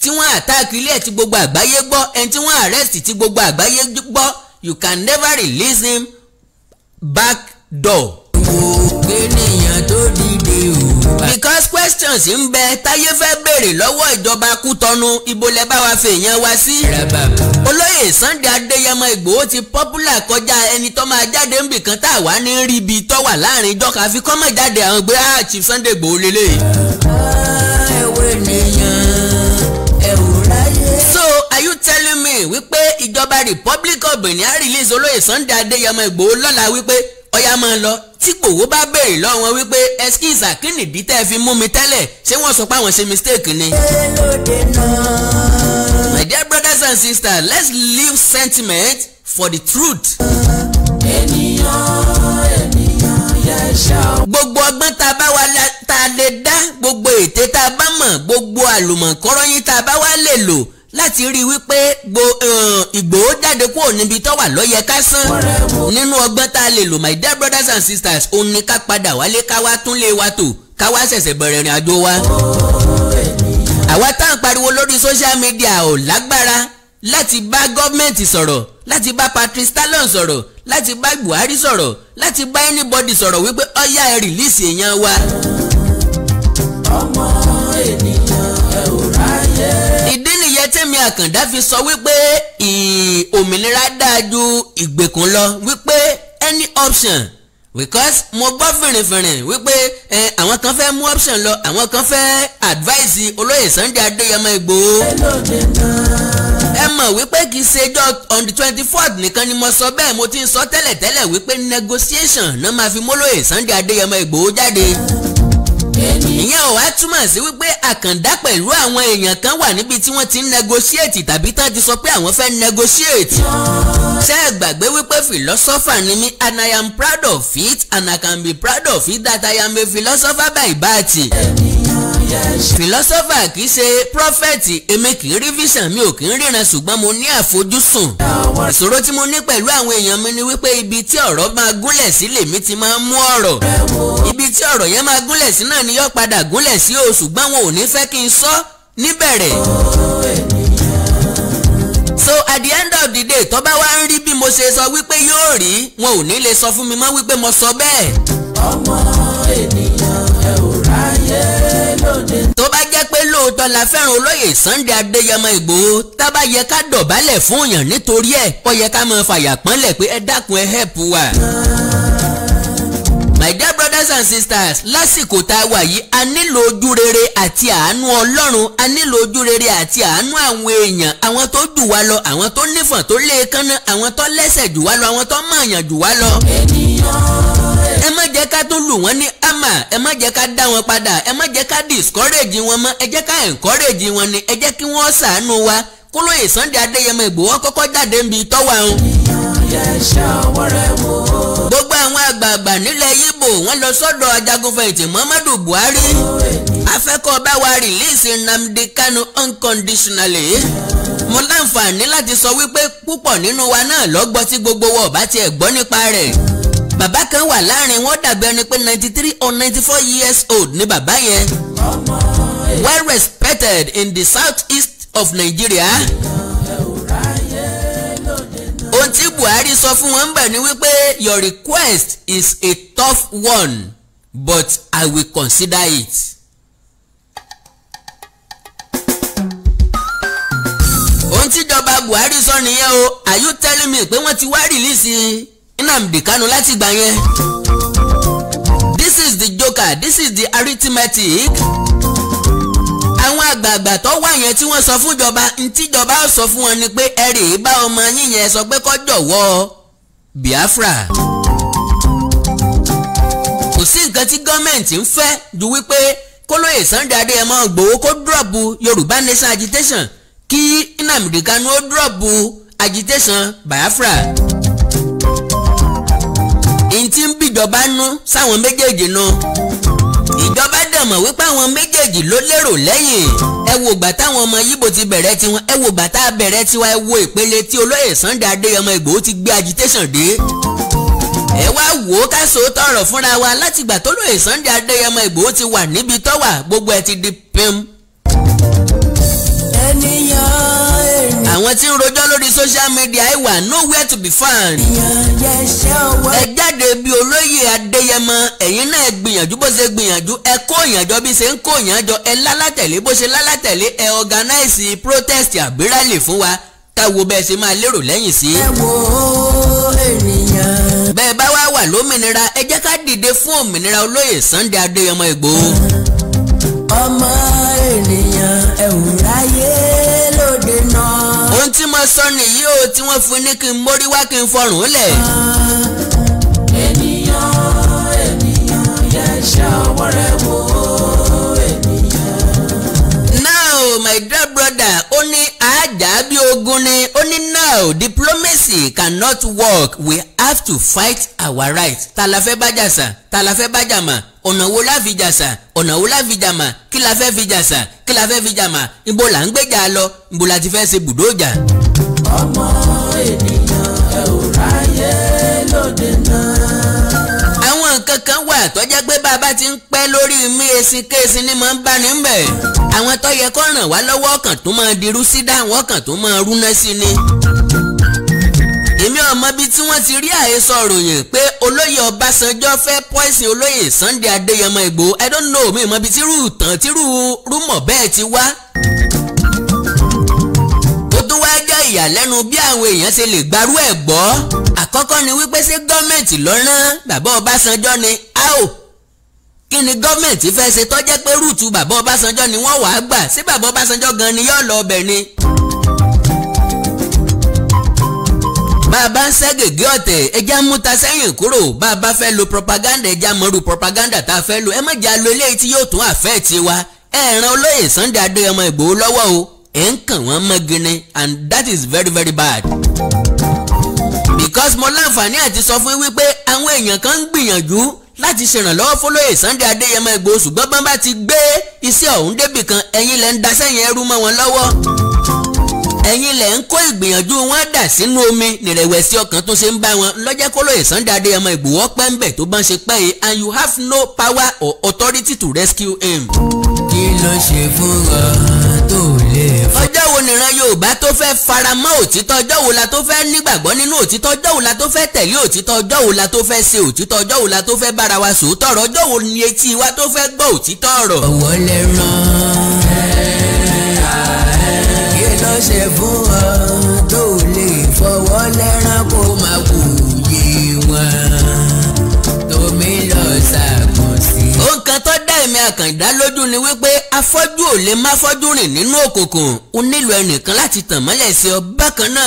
tí wọ́n àtàkì ilé ẹ̀ tí gbogbo àgbáyé gbọ́ ẹni tí wọ́n arrest tí gbogbo àgbáyé gbọ́ you can never release him back door. mo gbé tó dìde o because questions ń bẹ táyé fẹ́ béèrè lọ́wọ́ ìjọba kútọ́nu ibo lẹ bá wa fèèyàn sí. olóyè Sunday Adéyẹmọ Ìgbòho ti popular kọjá ẹni tó máa jáde ń bìkan tá a wà ní rí ibi tó wà láàrin ìjọ káfí kọ́mọ̀ jáde àwọn gbé ah Chief Sunday Ìgbòho lélẹ̀. Ah, so are you telling me wípé ìjọba Republic of Benin á release olóyè Sunday Adéyẹmọ Ìgbòho lọ́la wípé ọ̀yá máa lọ tí gbòwó bá béèrè lọ́wọ́ wípé ẹskíìsà kí tẹ́ ẹ fi mú mi tẹ́lẹ̀ ṣé wọ́n sọ pé àwọn ṣe mistake ni. my dear brothers and sisters let's leave sentiment for the truth. gbogbo ọgbọ́n tá a bá wà tá lè dá gbogbo ète tá a bá mọ̀ gbogbo àlùmọ̀kọ́rọ́yìn tá a bá wà lè lò láti rí i wípé eh, Ìgbòho jáde kúrò níbi tó wà lọ́yẹ ká sán nínú ọgbọ́n tá a lè lò my dear brothers and sisters òun ni ká padà wálé ká wá tún lé wa tò ká wá ṣẹ̀ṣẹ̀ bẹ̀rẹ̀ ìrìn àjò wa. àwa tá à ń pariwo lórí social media ò lágbára láti bá gọ́ọ̀mẹ̀ntì sọ̀rọ̀ láti bá Patrice Talon sọ̀rọ̀ láti bá Buhari sọ̀rọ̀ láti bá anybody sọ̀rọ̀ wípé ọ̀yá ẹ̀ rìlíìsì èèyàn wa. Àkàndá fi sọ wípé òmìnira dáa ju ìgbèkùn lọ wípé any option because mo gbọ́ fìrìnfìrìn wípé àwọn kan fẹ́ mú option lọ àwọn kan fẹ́ advice olóyè Sunday Adéyẹmọ Ìgbòho. ẹ mọ̀ wípé kì í ṣejọ́ on the twenty fourth nìkan ni mo sọ bẹ́ẹ̀ mo ti ń sọ tẹ́lẹ̀tẹ́lẹ̀ wípé negotiation náà máa fi mólóyè Sunday Adéyẹmọ Ìgbòho jáde ìyẹn ò wá túmọ̀ sí wípé àkàndá pẹ̀lú àwọn èèyàn kan wà níbi tí wọ́n ti ń negotiate tàbí tán ti sọ pé àwọn fẹ́ negotiate. ṣé ẹ gbàgbé wípé philosopher ni mí and I am proud of it and I can be proud of it that I am a philosopher by birth. philosopher kì í ṣe prophet èmi kì í rí vision mi ò kì í ríran ṣùgbọ́n mo ní àfojúsùn. ìṣòro tí mo ní pẹ̀lú àwọn èèyàn mi ni wípé ibi tí ọ̀rọ̀ máa gúnlẹ̀ sí lèmi ti máa ń mú ọ̀rọ̀ tí ọ̀rọ̀ yẹn máa gúnlẹ̀ sí náà ni yóò padà gúnlẹ̀ sí o ṣùgbọ́n wọn ò ní fẹ́ kí n sọ níbẹ̀rẹ̀. so at the end of the day tó bá wá ń rí bí mo ṣe sọ wípé yóò rí wọn ò ní lè sọ fún mi mọ́ wípé mo sọ bẹ́ẹ̀. ọmọ tó bá jẹ́ pé lóòótọ́ la fẹ́ràn olóyè Sunday Adéyẹmọ Ìgbòho tá bá yẹ ká dọ̀bálẹ̀ fún èèyàn nítorí ẹ̀ ó yẹ ká máa fàyà pọ́nlẹ̀ pé ẹ dákun ẹ hẹ́pù wa my dear brothers and sisters lásìkò tá a wà yìí a nílò ojú rere àti àánú ọlọ́run a nílò ojú rere àti àánú àwọn èèyàn àwọn tó jù wá lọ àwọn tó nífọ̀n tó léèkánná e àwọn tó lẹ́sẹ̀ jù wá lọ àwọn tó mọ̀ọ̀yàn jù wá lọ. ẹ má jẹ́ ká tún lù wọ́n ní àmà ẹ má jẹ́ ká dá wọn padà ẹ má jẹ́ ká discourage wọn mọ́ ẹ jẹ́ ká encourage wọn ni ẹ jẹ́ kí wọ́n ṣàánú wa kólóyè Sunday Adéyẹmọ Ìgbòho kọ́kọ́ jáde ń bi tọ́wà ń. ìyá ẹ̀ṣẹ̀ ọwọ́ rẹ̀ wò ó àgbààgbà nílẹ̀ yíbò wọ́n lọ sọ́dọ̀ ajagunfẹ̀yìntì Muhammadu Buhari afẹ́kọ̀ọ́ bá wa rìlíìsì Nnamdi Kanu unconditionally mo láǹfààní láti sọ wípé púpọ̀ nínú wa náà lọ́gbọ́ tí gbogbo wa ọ̀bá tiẹ̀ gbọ́ nípa rẹ̀ bàbá kan wà láàrin wọn dàbí ẹni pé ninety three or ninety four years old ni bàbá yẹn well respected in the south east of Nigeria. Yeah Buhari sọ fún wọn bẹ̀ ni wípé your request is a tough one but I will consider it. ohun tíjọba Buhari sọ nìyẹn o are you telling me pé wọ́n ti wá rìlíìsì Nnamdi Kanu láti gbà yẹn. this is the joker this is the arithmetic àwọn àgbààgbà tó wà yẹn tí wọ́n sọ fún ìjọba ntíjọba sọ fún wọn ni pé ẹ rèé bá ọmọ yín yẹn sọ pé kó jọ̀wọ́ Biafra kò sí nǹkan tí gọ́ọ̀mẹ̀ntì ń fẹ́ ju wípé kólóyè Sunday Adéyẹmọ Ìgbòho kó dúrọ̀bù Yorùbá Nation agitation kí Nnamdi Kanu ó dúrọ̀bù agitation Biafra èyí tí ń bìjọba nú sáwọn méjèèjì nu. No mọ̀ wípé àwọn méjèèjì ló lérò lẹ́yìn ẹ wo ìgbà táwọn ọmọ yíbo ti bẹ̀rẹ̀ tiwọn ẹ wo ìgbà tá a bẹ̀rẹ̀ tiwa ẹ wo ìpele tí olóyè Sunday Adéyẹmọ Ìgbòho ti gbé agitation dé ẹ wá wò ó ká sòótọ́ ọ̀rọ̀ fúnra wa látìgbà tólóyè Sunday Adéyẹmọ Ìgbòho ti wà níbi tọ́wà gbogbo ẹ ti di pim àwọn tí ń rojọ́ lórí social media ẹ̀ wà nowhere to be found. ẹ jáde bí olóyè adéyẹmọ ẹ̀yin náà ẹ gbìyànjú bó ṣe gbìyànjú ẹ kó ìyànjọ bí ṣe ń kó ìyànjọ ẹ lálátẹ̀lé bó ṣe lálátẹ̀lé ẹ organize protest àbí rally fún wa táwo bẹ́ẹ̀ ṣe máa lérò lẹ́yìn sí. ẹ wo ènìyàn. bẹ́ẹ̀ bá wá wà lómìnira ẹ jẹ́ ká dìde fún òmìnira olóyè Sunday adéyẹmọ Ìgbòho. ọmọ mo sọ nìyí o tí wọ́n fún ní kí n mórí wá kí n fọrùn lẹ̀. ènìyàn ènìyàn yẹ ṣe ọwọ́ rẹ̀ wò ènìyàn. now my dear brother ó ní jà bí ogun ni ó ní now diplomacy cannot work we have to fight our right. Tala la fẹ́ bá jàsà ta la fẹ́ bá jàmà ọ̀nà wo la fi jàsà ọ̀nà wo la fi jàmà kí la fẹ́ fi jàsà kí la fẹ́ fi jàmà ibo là ń gbéjà lọ ibo la ti fẹ́ ṣe bùdó jà. ọmọ kéèsì kéèsì ni mò ń bá ní bẹ̀. àwọn tó yẹ kó ràn wá lọ́wọ́ kan tó máa dirú sí dáhùn ọkàn tó máa rúná sí ni. èmi ọmọ bíi tí wọ́n ti rí àhesọ ròyìn pé olóyè Ọbásanjọ́ fẹ́ pọ́ìsìn olóyè Sunday Adéyẹmọ Ìgbòho I don't know mi mọ bíi tírú tàn tírú rúmọ̀ bẹ́ẹ̀ ti wá ìyàlẹ́nu bí àwọn èèyàn ṣe lè gbarú ẹ̀ gbọ́ àkọ́kọ́ ni wípé ṣé gọ́ọ̀mẹ̀ntì ló kí ni gọ́ọ̀mẹ̀ntì fẹ́ ṣe tọ́jẹ́ pé rúùtù bàbá Ọbásanjọ́ ni wọ́n wàá gbà sí bàbá Ọbásanjọ́ gan ni yóò lọ ọbẹ̀ ni. bàbá ń ṣẹ́ gègé ọ̀tẹ̀ ẹja múta sẹ́yìn kúrò bàbá fẹ́ lo propaganda ẹja mọ́rú propaganda tá a fẹ́ lo ẹ má jà lo eléyìí tí yóò tún àfẹ́ ti wa ẹ̀ẹ̀ran olóyè Sunday adé ọmọ Ìgbòho lọ́wọ́ o ẹ̀ ń kàn wọ́n mọ́gìnì and that is very very bad because mo láǹfààní àti sọ fún wípé àwọn èèyàn kan ń gbìyànjú láti ṣèrànlọ́wọ́ fọlọ́yè Sunday Adéyẹmọ Ìgbòho ṣùgbọ́n bọ́n bá ti gbé iṣẹ́ ọ̀hún débì kan ẹ̀yin lẹ́ ń daṣẹ́yìn ẹrú mọ́ wọn lọ́wọ́ ẹ̀yin lẹ́ ń kó ìgbìyànjú wọn dà sínú omi nírẹ̀wẹ̀sì ọkàn tó ṣe ń bá wọn lọ́jẹ́ kọlọ́yè Sunday Adéyẹmọ Ìgbòho ọpẹ́ ń bẹ̀ tó bá ń ṣe pẹ́ yìí and you have no power or authority to rescue him. kí ló ṣe fún wa ọjọ́ wo nìran Yorùbá tó fẹ́ faramọ́ òtítọ́ ọjọ́ wo la tó fẹ́ nígbàgbọ́ nínú òtítọ́ ọjọ́ wo la tó fẹ́ tẹ̀lé òtítọ́ ọjọ́ wo la tó fẹ́ ṣe òtítọ́ ọjọ́ wo la tó fẹ́ bára wa sòótọ́ ọ̀rọ̀ ọjọ́ wo ni etí wa tó fẹ́ gbọ́ òtítọ́ ọ̀rọ̀. ọ̀wọ́ lè ràn kí ló ṣe fún ọ tó lè fọwọ́ lẹ́ràn kó máa kú. Àkàndá lójú ni wípé afọ́jú ò lè má fọ́jú rìn nínú òkùnkùn ó nílò ẹnìkan láti tàn mọ́lẹ̀ sí ọ bákan náà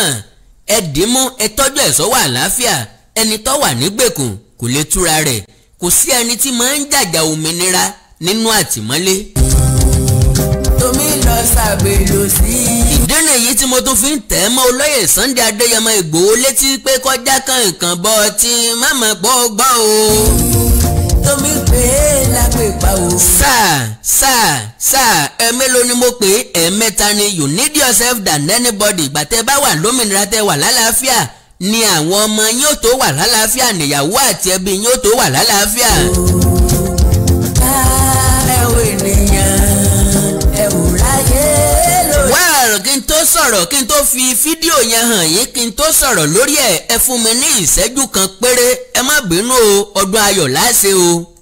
ẹ dìímú ẹ tọ́jú ẹ̀ sọ́wọ́ àlàáfíà ẹni tó wà nígbèkùn kò lè túra rẹ̀ kò sí ẹni tí máa ń jàjà òmìnira nínú àtìmọ́lé. tomi lọ sàbẹ̀lò sí i. ìdí nìyí tí mo tún fi ń tẹ̀ mọ́ olóyè Sunday Adéyẹmọ Ìgbòho létí pé kọjá kan nǹkan bọ̀ tí má mọ̀ pọ̀ gbọ́ o tómi pé lápèpá o. sáà sáà sáà ẹ̀mélòó ni mo pè é ẹ̀mẹ́ta ni you need yourself than anybody ìgbà tẹ́ bá wà lómìnira tẹ́ wà lálàáfíà ni àwọn ọmọ yín ó tó wà lálàáfíà nìyàwó àti ẹbí yín tó wà lálàáfíà. Oh. náà kí n tó sọ̀rọ̀ kí n tó fi fídíò yẹn hàn yín kí n tó sọ̀rọ̀ lórí ẹ̀ ẹ fún mi ní ìṣẹ́jú kan péré ẹ má bínú o ọdún ayọ̀ láṣẹ o.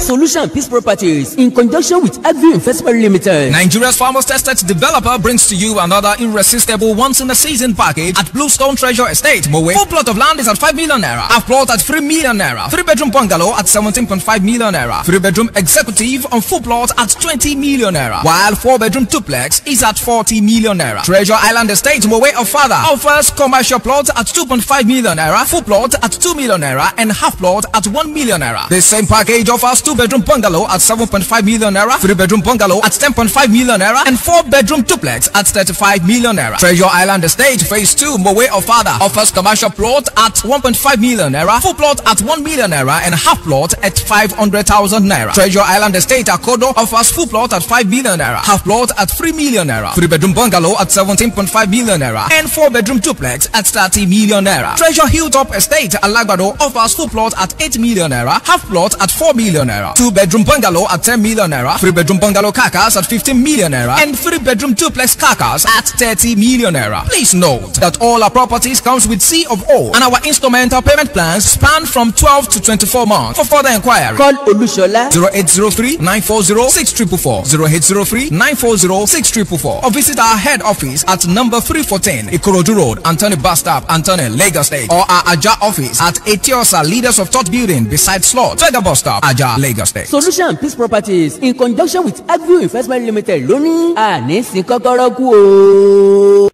Solution Peace Properties in conjunction with Agri Investment Limited. Nigeria's farmers tested developer brings to you another irresistible once in a season package at Bluestone Treasure Estate, Mowe. Full plot of land is at 5 million naira. Half plot at 3 million naira. Three bedroom bungalow at 17.5 million naira. Three bedroom executive on full plot at 20 million naira. While four bedroom duplex is at 40 million naira. Treasure Island Estate, Mowe of Father offers commercial plot at 2.5 million naira. Full plot at 2 million naira and half plot at 1 million naira. The same package offers two two bedroom bungalow at 7.5 million naira, three bedroom bungalow at 10.5 million naira, and four bedroom duplex at 35 million naira. Treasure Island Estate Phase 2 Mowe Ofada offers commercial plot at 1.5 million naira, full plot at 1 million naira, and half plot at 500,000 naira. Treasure Island Estate Akodo offers full plot at 5 million naira, half plot at 3 million naira, three bedroom bungalow at 17.5 million naira, and four bedroom duplex at 30 million naira. Treasure Hilltop Estate Alagbado offers full plot at 8 million naira, half plot at 4 million naira naira. Two bedroom bungalow at 10 million naira. Three bedroom bungalow carcass at 15 million naira. And three bedroom duplex carcass at 30 million naira. Please note that all our properties comes with C of O and our instrumental payment plans span from 12 to 24 months. For further inquiry, call Olushola 0803 940 6444 0803 940 6444 or visit our head office at number 314 Ikorodu Road, Antony Bastap, Antony, Lagos State or our Aja office at Etiosa Leaders of Thought Building beside Slot, Tega Bus Stop, Aja, Lagos. Lagos State. Solution Peace Properties in conjunction with Agview Investment Limited lónìí àní sin kọ́kọ́rọ́ kú o.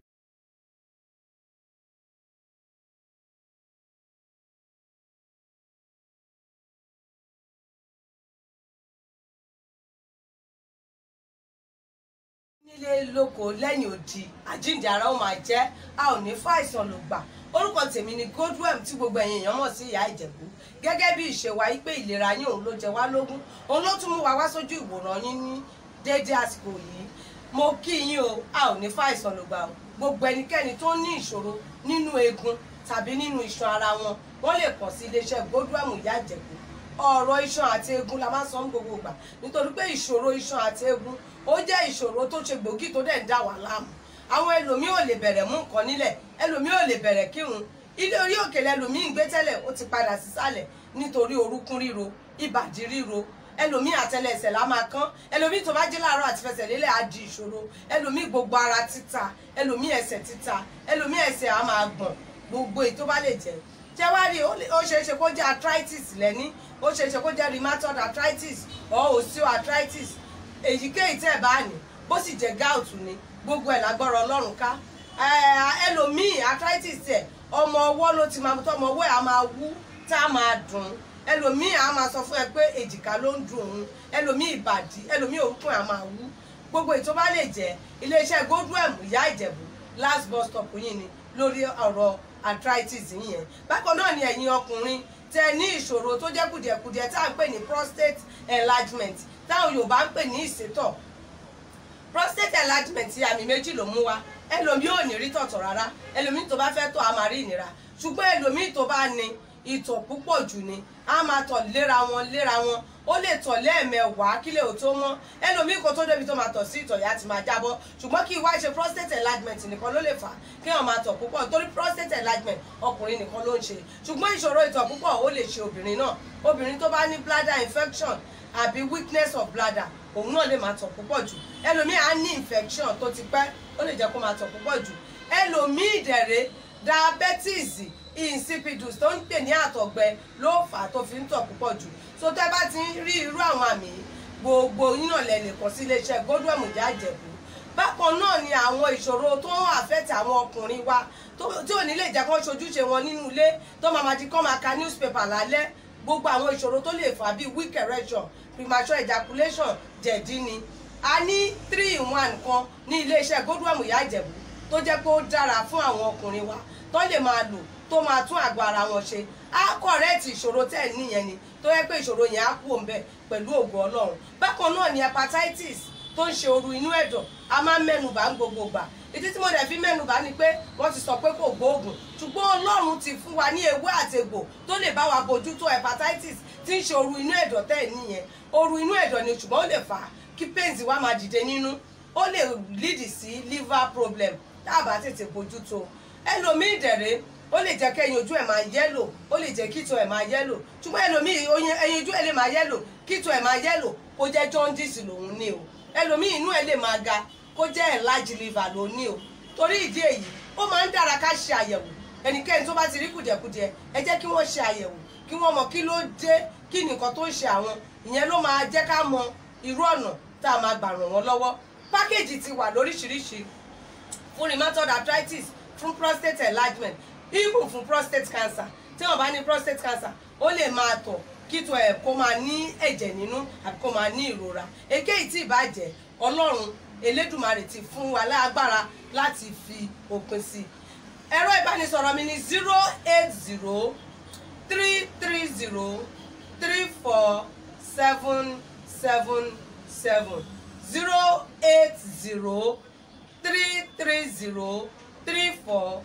lóko lẹ́yìn odi àjíǹde ara ó máa jẹ́ a ò ní fàìsàn ló gbà orúkọ tèmi ni Goldwem tí gbogbo ẹ̀yin èèyàn mọ̀ sí ìyá ìjẹ̀bú gẹ́gẹ́ bí ìṣe wa yí pé ìlera yín òun ló jẹ wá lógún òun ló tún mú wa wá sójú ìwòran yín ní déédé àsìkò yìí mo kí yín o a ò ní fàìsàn ló gbà o gbogbo ẹnikẹ́ni tó ní ìṣòro nínú eegun tàbí nínú iṣan ara wọn wọ́n lè kàn sí iléeṣẹ́ Goldwem ìyá ìjẹ̀bú ọ̀rọ̀ iṣan àti eegun la máa sọ ní gbogbo ìgbà nítorí pé ìṣòro iṣan àti eegun ó jẹ́ ìṣòro tó ṣe gbòógì tó dẹ̀ ń dà wá láàmú àwọn ẹlòmíì ò lè bẹ̀rẹ̀ mú nǹkan nílẹ̀ ẹlòmíì ò lè bẹ̀rẹ̀ kírun ilé orí òkè lẹlòmíì ń gbé tẹ́lẹ̀ ó ti padà sísàlẹ̀ nítorí orúkún ríro ìbàdí ríro ẹlòmíì àtẹlẹsẹ̀ la máa kán ẹlòmíì tó bá jí láàárọ̀ àti fẹsẹ̀ lélẹ̀ á di ìṣòro ẹlòmíì gbogbo ara títa ẹlòmíì ẹsẹ̀ títa ẹlòmíì ẹsẹ̀ á máa gbọ̀n gbogbo èyí tó bá lè jẹ́ jẹ́ wá rí ó ṣeé ṣe kó jẹ́ arthritis lẹ́ní ó ṣeé ṣe kó jẹ́ rheumatoid arthritis or osteoarthritis èyíkéyìí tẹ́ ẹ̀ bá ní bó sì jẹ́ gout ni gbogbo ẹ̀ lágbára ọlọ́run ká ẹlòmíì arthritis ẹ̀ ọmọ ọwọ́ ló ti máa mú tọ́mọ ọwọ́ ẹ̀ á máa wú tá a máa dùn ẹlòmíì á máa sọ fún ẹ pé èjìká ló ń dùn òun ẹlòmíì ìbàdí ẹlòmíì orúkún ẹ̀ á máa wú gbogbo ètò bá lè jẹ́ iléeṣẹ́ goldwem ìyá ìjẹ̀bù last bus stop yìí ni lórí ọ̀rọ̀ arthritis yẹn bákan náà ni ẹ̀yin ọkùnrin tẹ ní ìṣòro tó jẹ́ kùdìẹ̀kùdìẹ̀ tá à ń pè ní prostate enlargement táwọn Yorùbá ń pè ní ìsétọ̀ prostate enlargement àmì méjì ló mú wa ẹlòmíì ò ní rí tọ̀tọ̀ rárá ẹlòmíì tó bá fẹ́ tọ̀ a máa rí ìnira ṣùgbọ́n ẹlòmíì tó bá ní ìtọ̀ púpọ̀ jù ni a máa tọ̀ léra wọn léra wọn ó lè tọ̀ lẹ́ẹ̀mẹwàá kílẹ̀ ò tó mọ́ ẹlòmíì kò tó débi tó máa tọ̀ sí ìtọ̀ yá ti máa jábọ́ ṣùgbọ́n kí ìwá ṣe prostate enlargement nìkan ló lè fà kí wọ́n máa tọ̀ púpọ̀ torí prostate enlargement ọkùnrin nìkan ló ń ṣe ṣùgbọ́n ìṣòro ìtọ̀ púpọ̀ ó lè ṣe obìnrin náà obìnrin tó bá ní bladder infection àbí weakness of bladder òun náà lè máa tọ̀ púpọ̀ jù ẹlòmíì á ní infection tó ti pẹ́ ó lè jẹ́ kó máa tọ̀ púpọ̀ jù ẹlòmíì ìdẹ̀rẹ̀ diabetes insipidus tó ń pè ní àtọ̀gbẹ ló fà á tó fi ń tọ̀ púpọ̀ jù so tẹ́ bá ti rí irú àwọn àmì gbogbo yín náà lẹ lè kàn sí iléeṣẹ́ Godwell Muyiwa Ìjẹ̀bú bákan náà ni àwọn ìṣòro tó ń àfẹ́tì àwọn ọkùnrin wa tí ò ní lè jẹ́ kán ṣojúṣe wọn nínú ilé tó máa ma di kán máa ka newspaper lálẹ́ gbogbo àwọn ìṣòro tó lè fà bíi weak erection premature ejaculation jẹ̀dí ni a ní three in one kan ní iléeṣẹ́ godwam ìyá ìjẹ̀bú tó jẹ́ pé ó dára fún àwọn ọkùnrin wa tó lè máa lò tó máa tún àgọ́ ara wọn ṣe á kọ̀rẹ́ẹ̀tì ìṣòro tẹ̀ níyẹn ni tó yẹ pé ìṣòro yẹn á kú òǹbẹ pẹ̀lú ògùn ọlọ́run bákan náà ni hepatitis tó ń ṣe ooru inú ẹ̀dọ̀ a máa ń mẹ́nu bà ń gbogbo gbà ìdí tí mo dẹ̀ fi mẹ́nubà ni pé wọ́n ti sọ pé kò gbóògùn ṣùgbọ́n ọlọ́run ti fún wa ní ewé àtegbò tó lè bá wa bójú tó hepatitis tí ń ṣe oru inú ẹ̀dọ̀ tẹ́ ẹ̀ nìyẹn oru inú ẹ̀dọ̀ ni ṣùgbọ́n ó lè fà á kí pains wa máa dìde nínú ó lè lead sí liver problem tá a bá tètè bójú tó ẹlòmíì dẹ̀rẹ́ ó lè jẹ́ kí ẹyin ojú ẹ̀ máa yẹ́lò ó lè jẹ́ kí ìtọ̀ ẹ̀ máa yẹ́lò ṣùgbọ́n ẹlòmíì ẹyin ojú ẹ̀ lè máa yẹ́lò kí ìtọ̀ ẹ̀ máa yẹ́lò kó jẹ́ jaundice lòun ní o ẹlòmíì inú ẹ̀ lè máa ga kó jẹ́ enlarge liver ló ní o torí ìdí èyí ó máa ń dára ká ṣe àyẹ̀wò ẹnikẹ́ni tó bá ti rí kùdìẹ̀kudiẹ ẹ jẹ́ kí wọ́n ṣe àyẹ̀wò kí wọ́n mọ kí ló dé kí nìkan tó ń ṣe àwọn ìyẹn ló máa jẹ́ ká mọ irú ọ̀nà tá a máa gbà ràn wọ́n lọ́wọ́ pákéjì ti wà lóríṣiríṣi fún rheumatoid arthritis fún prostate enlargement even fún prostate cancer tí wọ́n bá ní prostate cancer ó lè máa tọ̀ kító ẹ̀ kó máa ní ẹ̀jẹ̀ nínú àbí kó máa ní ìrora èkéyìí tí ì bá jẹ́ ọlọ́run elédùmarè ti fún wa lágbára láti fi òpin sí i ẹ̀rọ ìbánisọ̀rọ̀ mi ni zero eight zero three three zero three four seven seven seven zero eight zero three three zero three four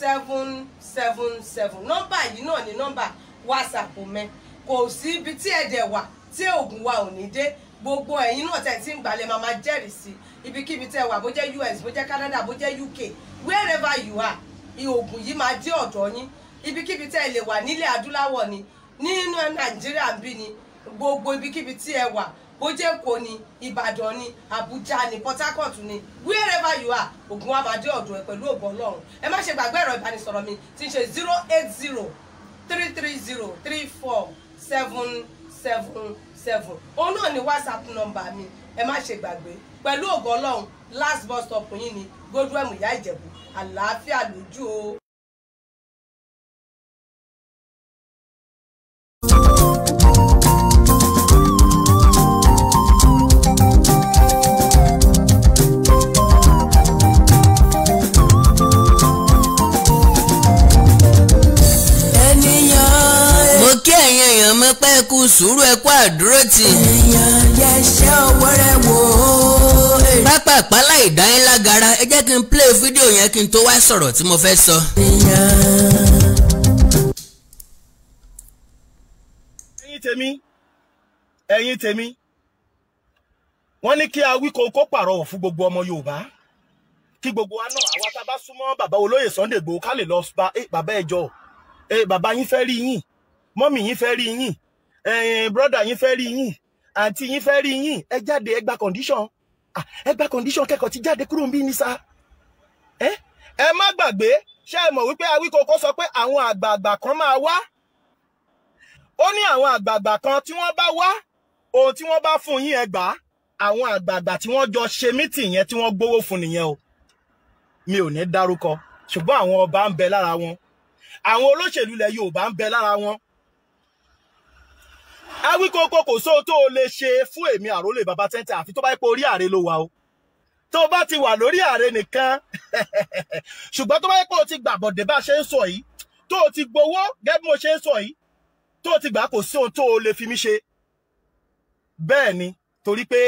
seven seven seven nọ́mbà yìí náà ni nọ́mbà whatsapp mẹ́ kò sí ibi tí ẹ̀dẹ̀ wà tí oògùn wa ò ní dé gbogbo ẹ̀yin náà tẹ̀ tí ń gbalẹ̀ máa máa jẹ́rìí sí i ibikíbi tẹ́ wà bó jẹ́ US bó jẹ́ Canada bó jẹ́ UK wherever you are oògùn yìí máa dé ọ̀dọ̀ yín ibikíbi tẹ́ lè wà nílẹ̀ adúláwọ̀ ni nínú Nàìjíríà ń bí ni gbogbo ibikíbi tí ẹ wà bó jẹ́ Èkó ni Ìbàdàn ni Àbújá ni Port Harcourt ni wherever you are oògùn wa máa dé ọ̀dọ̀ ẹ pẹ̀lú ògbọ́n Ọlọ́run ẹ má ṣe gbàgbé ẹ̀rọ ìbánisọ̀rọ̀ mi tí ń ṣe zero eight zero three three zero three four seven seven seven òun náà ni WhatsApp number mi ẹ má ṣe gbàgbé pẹ̀lú ògo ọlọ́run last bus stop yín ni Godwem Ìyá Ìjẹ̀bú àlàáfíà lójú o. ẹkú sùúrù ẹkú àdúrótì. èèyàn yẹ ṣé owó rẹ wò ó. pápá àpálá ìdánilágara ẹ jẹ́ kí n play fídíò yẹn kí n tó wá sọ̀rọ̀ tí mo fẹ́ sọ. ẹ̀yin tèmi ẹ̀yin tèmi wọ́n ní kí a wí kó kó pàrọwọ̀ fún gbogbo ọmọ Yorùbá kí gbogbo wa náà àwa tá a bá súnmọ́ bàbá olóyè Sunday Igboho ká lè lọ bá eh, bàbá ẹjọ́ eh, bàbá yín fẹ́ rí yín mọ́mì yín fẹ́ rí yín Eh, broda yín fẹ́ rí yín àǹtí yín fẹ́ rí yín ẹ jáde ẹ gba condition ah, ẹ gba condition kẹ́kọ̀ọ́ ti jáde kúrò níbí ni sa eh? ẹ má gbàgbé ṣé ẹ mọ̀ wípé Awíkókó sọ pé àwọn àgbààgbà kan máa wá ó ní àwọn àgbààgbà kan tí wọ́n bá wá ohun tí wọ́n bá fún yín ẹ gbà á àwọn àgbààgbà tí wọ́n jọ ṣe mítì yẹn tí wọ́n gbowó fún nìyẹn o mi ò ní dárúkọ ṣùgbọ́n àwọn ọba ń bẹ lára wọn àwọn olóṣèlú ilẹ̀ Yorùbá ń bẹ lára wọn Awíkóńkó kò sóhun tó o lè ṣe fún èmi àrólé bàbá tẹ́ńtẹ́ àfi tó bá pé orí ààrẹ ló wà o tó bá ti wà lórí ààrẹ nìkan ṣùgbọ́n tó bá yẹ o ti gbàbọ̀dẹ̀ bá ṣe ń sọ yìí tó o ti gbowó gẹ́gẹ́ bí mo ṣe ń sọ yìí tó o ti gbà kò sí ohun tó o lè fi mí ṣe bẹ́ẹ̀ ni torí pé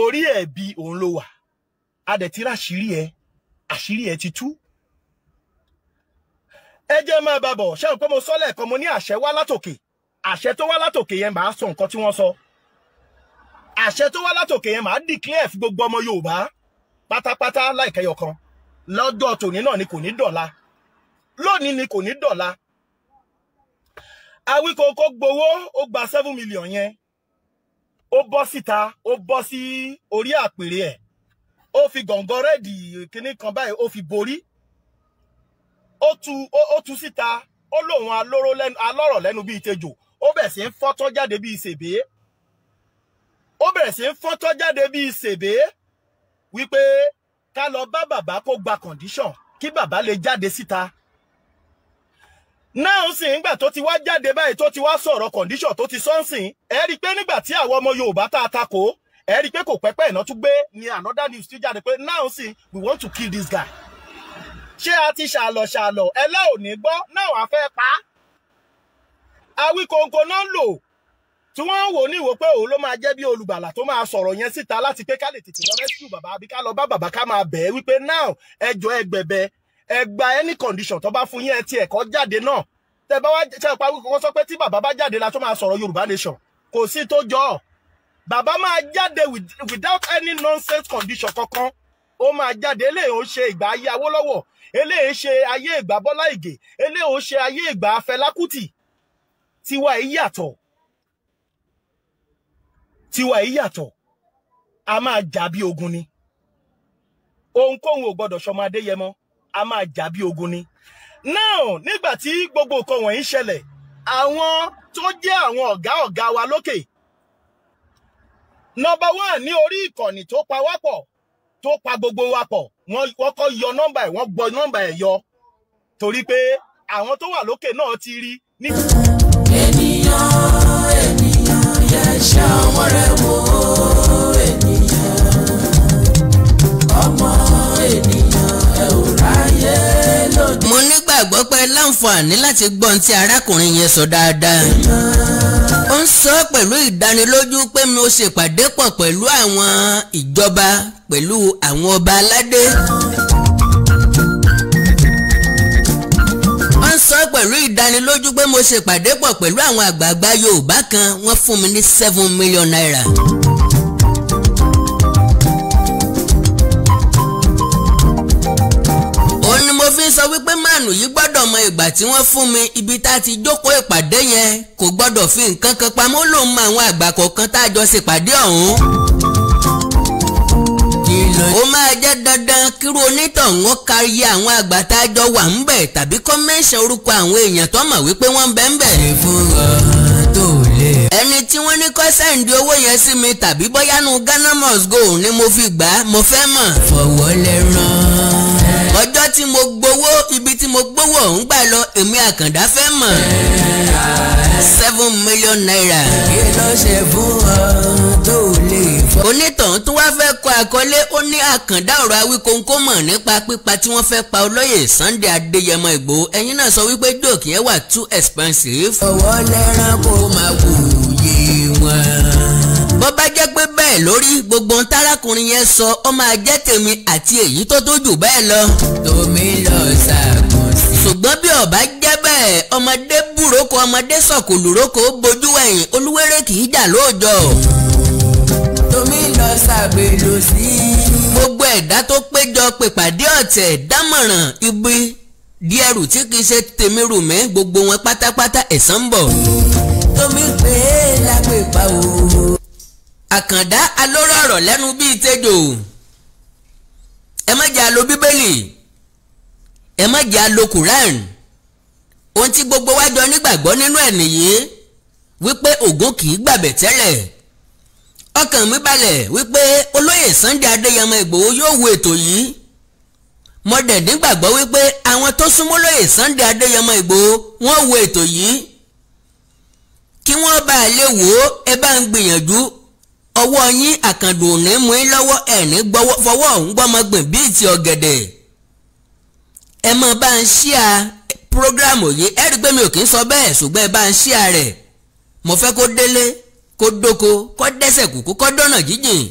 orí ẹ̀bi òun ló wà a dẹ̀ ti ráṣírí ẹ àṣírí ẹ ti tú ẹ jẹ́ máa bàbọ̀ ṣé o pé mo sọ lẹ́ẹ̀kan mo ní àṣẹ wá látòkè àṣẹ tó wá látòkè yẹn máa sọ nǹkan tí wọ́n sọ àṣẹ tó wá látòkè yẹn máa dìklẹ́ẹ̀ fún gbogbo ọmọ Yorùbá pátápátá láìkẹyọ kan lọ́jọ́ tòní náà ni kò ní dọ̀la lónìí ni kò ní dọ̀la Awíkóńkó gbowó ó gba seven million yẹn ó bọ́ síta ó bọ́ sí orí àpèrè ẹ̀ ó fi gọ̀ǹgọ̀ rẹ́ẹ̀dì kínní kan báyìí ó fi borí ó tu síta ó lóun alọ́rọ̀ lẹ́nu bíi tejò ó bẹ̀rẹ̀ sí ń fọ́tọ́ jáde bíi ṣèbé ó bẹ̀rẹ̀ sí ń fọ́tọ́ jáde bíi ṣèbé wípé ká lọ bá bàbá kó gba condition kí bàbá lè jáde síta náà sì nígbà tó ti wá jáde báyìí tó ti wá sọ̀rọ̀ condition tó ti sọ́nsìn ẹ rí i pé nígbà tí àwọn ọmọ yorùbá tá a takò ẹ rí i pé kò pẹ́pẹ́ ìná tún gbé ni another news ti jáde pé náà sì we want to kill this guy ṣé a ti ṣàlọ̀ ṣàlọ̀ ẹ lẹ́ ò gbọ́ náà wàá fẹ́ pa á Awíkonko náà lò tí wọ́n ń wò ní ìwò pé òun ló máa jẹ́ bí olùgbàlà tó máa sọ̀rọ̀ yẹn síta láti pé ká lè tètè lọ rescue bàbá àbí ká lọ bá bàbá ká máa bẹ̀ ẹ́ wípé now ẹjọ́ ẹgbẹ̀bẹ̀ ẹ gba any condition tó bá fún yín ẹ ti ẹ̀kọ́ jáde náà tẹ bá wá tẹ pa Awíkonko sọ pé tí bàbá bá jáde la tó máa sọ̀rọ̀ Yorùbá nation kò sí tó jọ bàbá máa jáde without any nonsense condition kankan ó máa jáde eléyìí ó ṣe ìgbà ayé Awólọ́wọ̀ eléyìí ṣe ayé ìgbà Bọ́lá Ìgè eléyìí ó ṣe ayé ìgbà Fẹlá tiwa yìí yàtọ̀ tiwa yìí yàtọ̀ a máa jà bí ogun ni ohunkóhun ò gbọdọ̀ sọmọ Adéyẹmọ a máa jà bí ogun ni now nígbà tí gbogbo nǹkan wọ̀nyí ṣẹlẹ̀ àwọn tó jẹ́ àwọn ọ̀gá ọ̀gá wa lókè nọ́mbà one ní orí ìkànnì tó pa wá pọ̀ tó pa gbogbo wa pọ̀ wọ́n kọ́ yọ nọ́mbà ẹ̀ wọ́n gbọ́ nọ́mbà ẹ̀ yọ torí pé àwọn tó wà lókè náà ti rí nígbà ènìyàn ènìyàn yẹ ṣe ọmọ rẹ wò ènìyàn ọmọ ènìyàn ẹ ò ráyè lòdì. mo nígbàgbọ́ pé láǹfààní láti gbọ́n tí arákùnrin yẹn sọ dáadáa. ó ń sọ pẹ̀lú ìdánilójú pé mo ṣèpàdé pọ̀ pẹ̀lú àwọn ìjọba pẹ̀lú àwọn ọba aládé. Yeah. dánilójú pé mo ṣèpàdé pọ̀ pẹ̀lú àwọn àgbààgbà Yorùbá kan wọ́n fún mi ní seven million naira. òun mo fi sọ wípé máàlù yìí gbọ́dọ̀ mọ ìgbà tí wọ́n fún mi ibi tá a ti jókòó ìpàdé yẹn kò gbọ́dọ̀ fi nǹkan kan pamọ́ lòun mọ àwọn àgbà kọ̀ọ̀kan tá a jọ ṣèpàdé ọ̀hún ó máa jẹ́ dandan kíru onítọ̀hún ó kárí àwọn àgbà tá a jọ wà ń bẹ̀ tàbí kó mẹ́sàn orúkọ àwọn èèyàn tó mọ̀ wípé wọ́n ń bẹ ń bẹ̀. ẹni tí wọ́n ní kó sẹ́ǹdì owó yẹn sí mi tàbí bóyá nu Ghana must go ni mo fi gbà á mo fẹ́ mọ̀. fọwọ́ lẹ ràn. ọjọ́ tí mo gbowó ibi tí mo gbowó ọ̀hún gbà lọ èmi àkàndá fẹ́ mọ̀. seven million naira. kí ló ṣe fún ọ tó fọ́. onítọ̀hún tún wá fẹ́ kọ àkọlé ó ní àkàndá ọ̀rọ̀ awíkóńkó mọ̀ nípa pípa tí wọ́n fẹ́ pa olóyè Sunday Adéyẹmọ Ìgbòho ẹ̀yin náà sọ wípé dòkì yẹn wà too expensive. ọwọ́ lẹ́ran kó máa wòye wọn bó bá jẹ́ pé bẹ́ẹ̀ lórí gbogbo ohun tárákùnrin yẹn sọ ó máa jẹ́ tèmi àti èyí tó tó jù bẹ́ẹ̀ lọ. tòmí lọ ṣàkóso. ṣùgbọ́n bí ọba jẹ́ bẹ́ẹ̀ ọmọdé búroko ọmọdé sọ̀kòlùroko bójú ẹ̀yìn olúwéré lọ ṣàbẹ̀lò sí i. gbogbo ẹ̀dá tó péjọ pé ọ̀tẹ̀ dámọ̀ràn ibi díẹ̀rù tí kì í ṣe tèmi rù mẹ́ gbogbo wọn pátápátá ẹ̀san ń bọ̀. tómi pé lápèpá o. àkàndá alóró ọ̀rọ̀ lẹ́nu bíi tejò ẹ má jẹ́ a bíbélì ẹ má jẹ́ a lo ohun tí gbogbo wa jọ nígbàgbọ́ nínú ẹ̀ nìyí wípé ògún kì í gbàbẹ̀ tẹ́lẹ̀ ọkàn mi balẹ̀ wípé olóyè Sunday Adéyẹmọ Ìgbòho yóò wo ètò yìí mo dẹ̀ nígbàgbọ́ wípé àwọn tó súnmọ́ olóyè Sunday Adéyẹmọ Ìgbòho wọ́n wo ètò yìí kí wọ́n bá a lè wò ó ẹ bá ń gbìyànjú ọwọ́ yín àkàndùn òní mú yín lọ́wọ́ ẹ̀ní fọwọ́ ńgbọ́mọgbìn bíi ti ọ̀gẹ̀dẹ̀ ẹ mọ bá ń ṣíà prógrámù yìí ẹ rí i pé mi ò kí ń sọ bẹ́ẹ̀ ṣùgbọ́n ẹ bá ń ṣíà rẹ̀ mo fẹ́ kó délé kó dóko kó dẹ́sẹ̀ kù kó kó dọ́nà jíjìn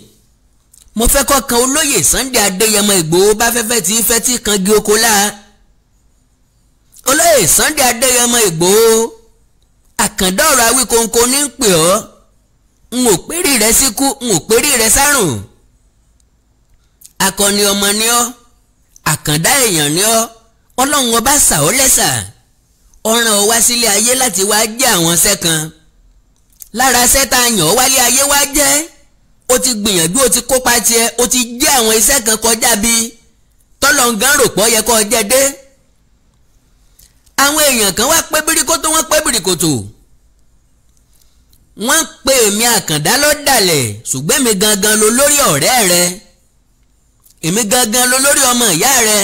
mo fẹ́ kọ́ kan olóyè Sunday Adéyẹmọ Ìgbòho bá fẹ́fẹ́ tí fẹ́ tí kan gi oko láà olóyè Sunday Adéyẹmọ Ìgbòho àkàndá ọ̀rọ̀ Awíkonko ní ń pè ọ́ n ò pérí rẹ síkú n ò pérí rẹ sárùn akọni ọmọ ni ọ́ àkàndá èèyàn ni ọ́ ọlọ́run ọba sà lẹ́sà ọ̀ràn ọ wá sílé ayé láti wá jẹ́ àwọn sẹ́kan lára iṣẹ́ tá a yàn ọ́ wálé ayé wá jẹ́ o ti gbìyànjú o ti kópa tiẹ̀ o ti jẹ́ àwọn iṣẹ́ kan kọjá bíi tọ́lọ̀ǹgán rò pọ̀ yẹ kó o jẹ́ dé àwọn èèyàn kan wá pé bíríkótó wọ́n pé bíríkótó wọ́n pe èmi àkàndá lọ́dàlẹ̀ ṣùgbọ́n èmi gangan lo lórí ọ̀rẹ́ rẹ èmi gangan lo lórí ọmọ ìyá rẹ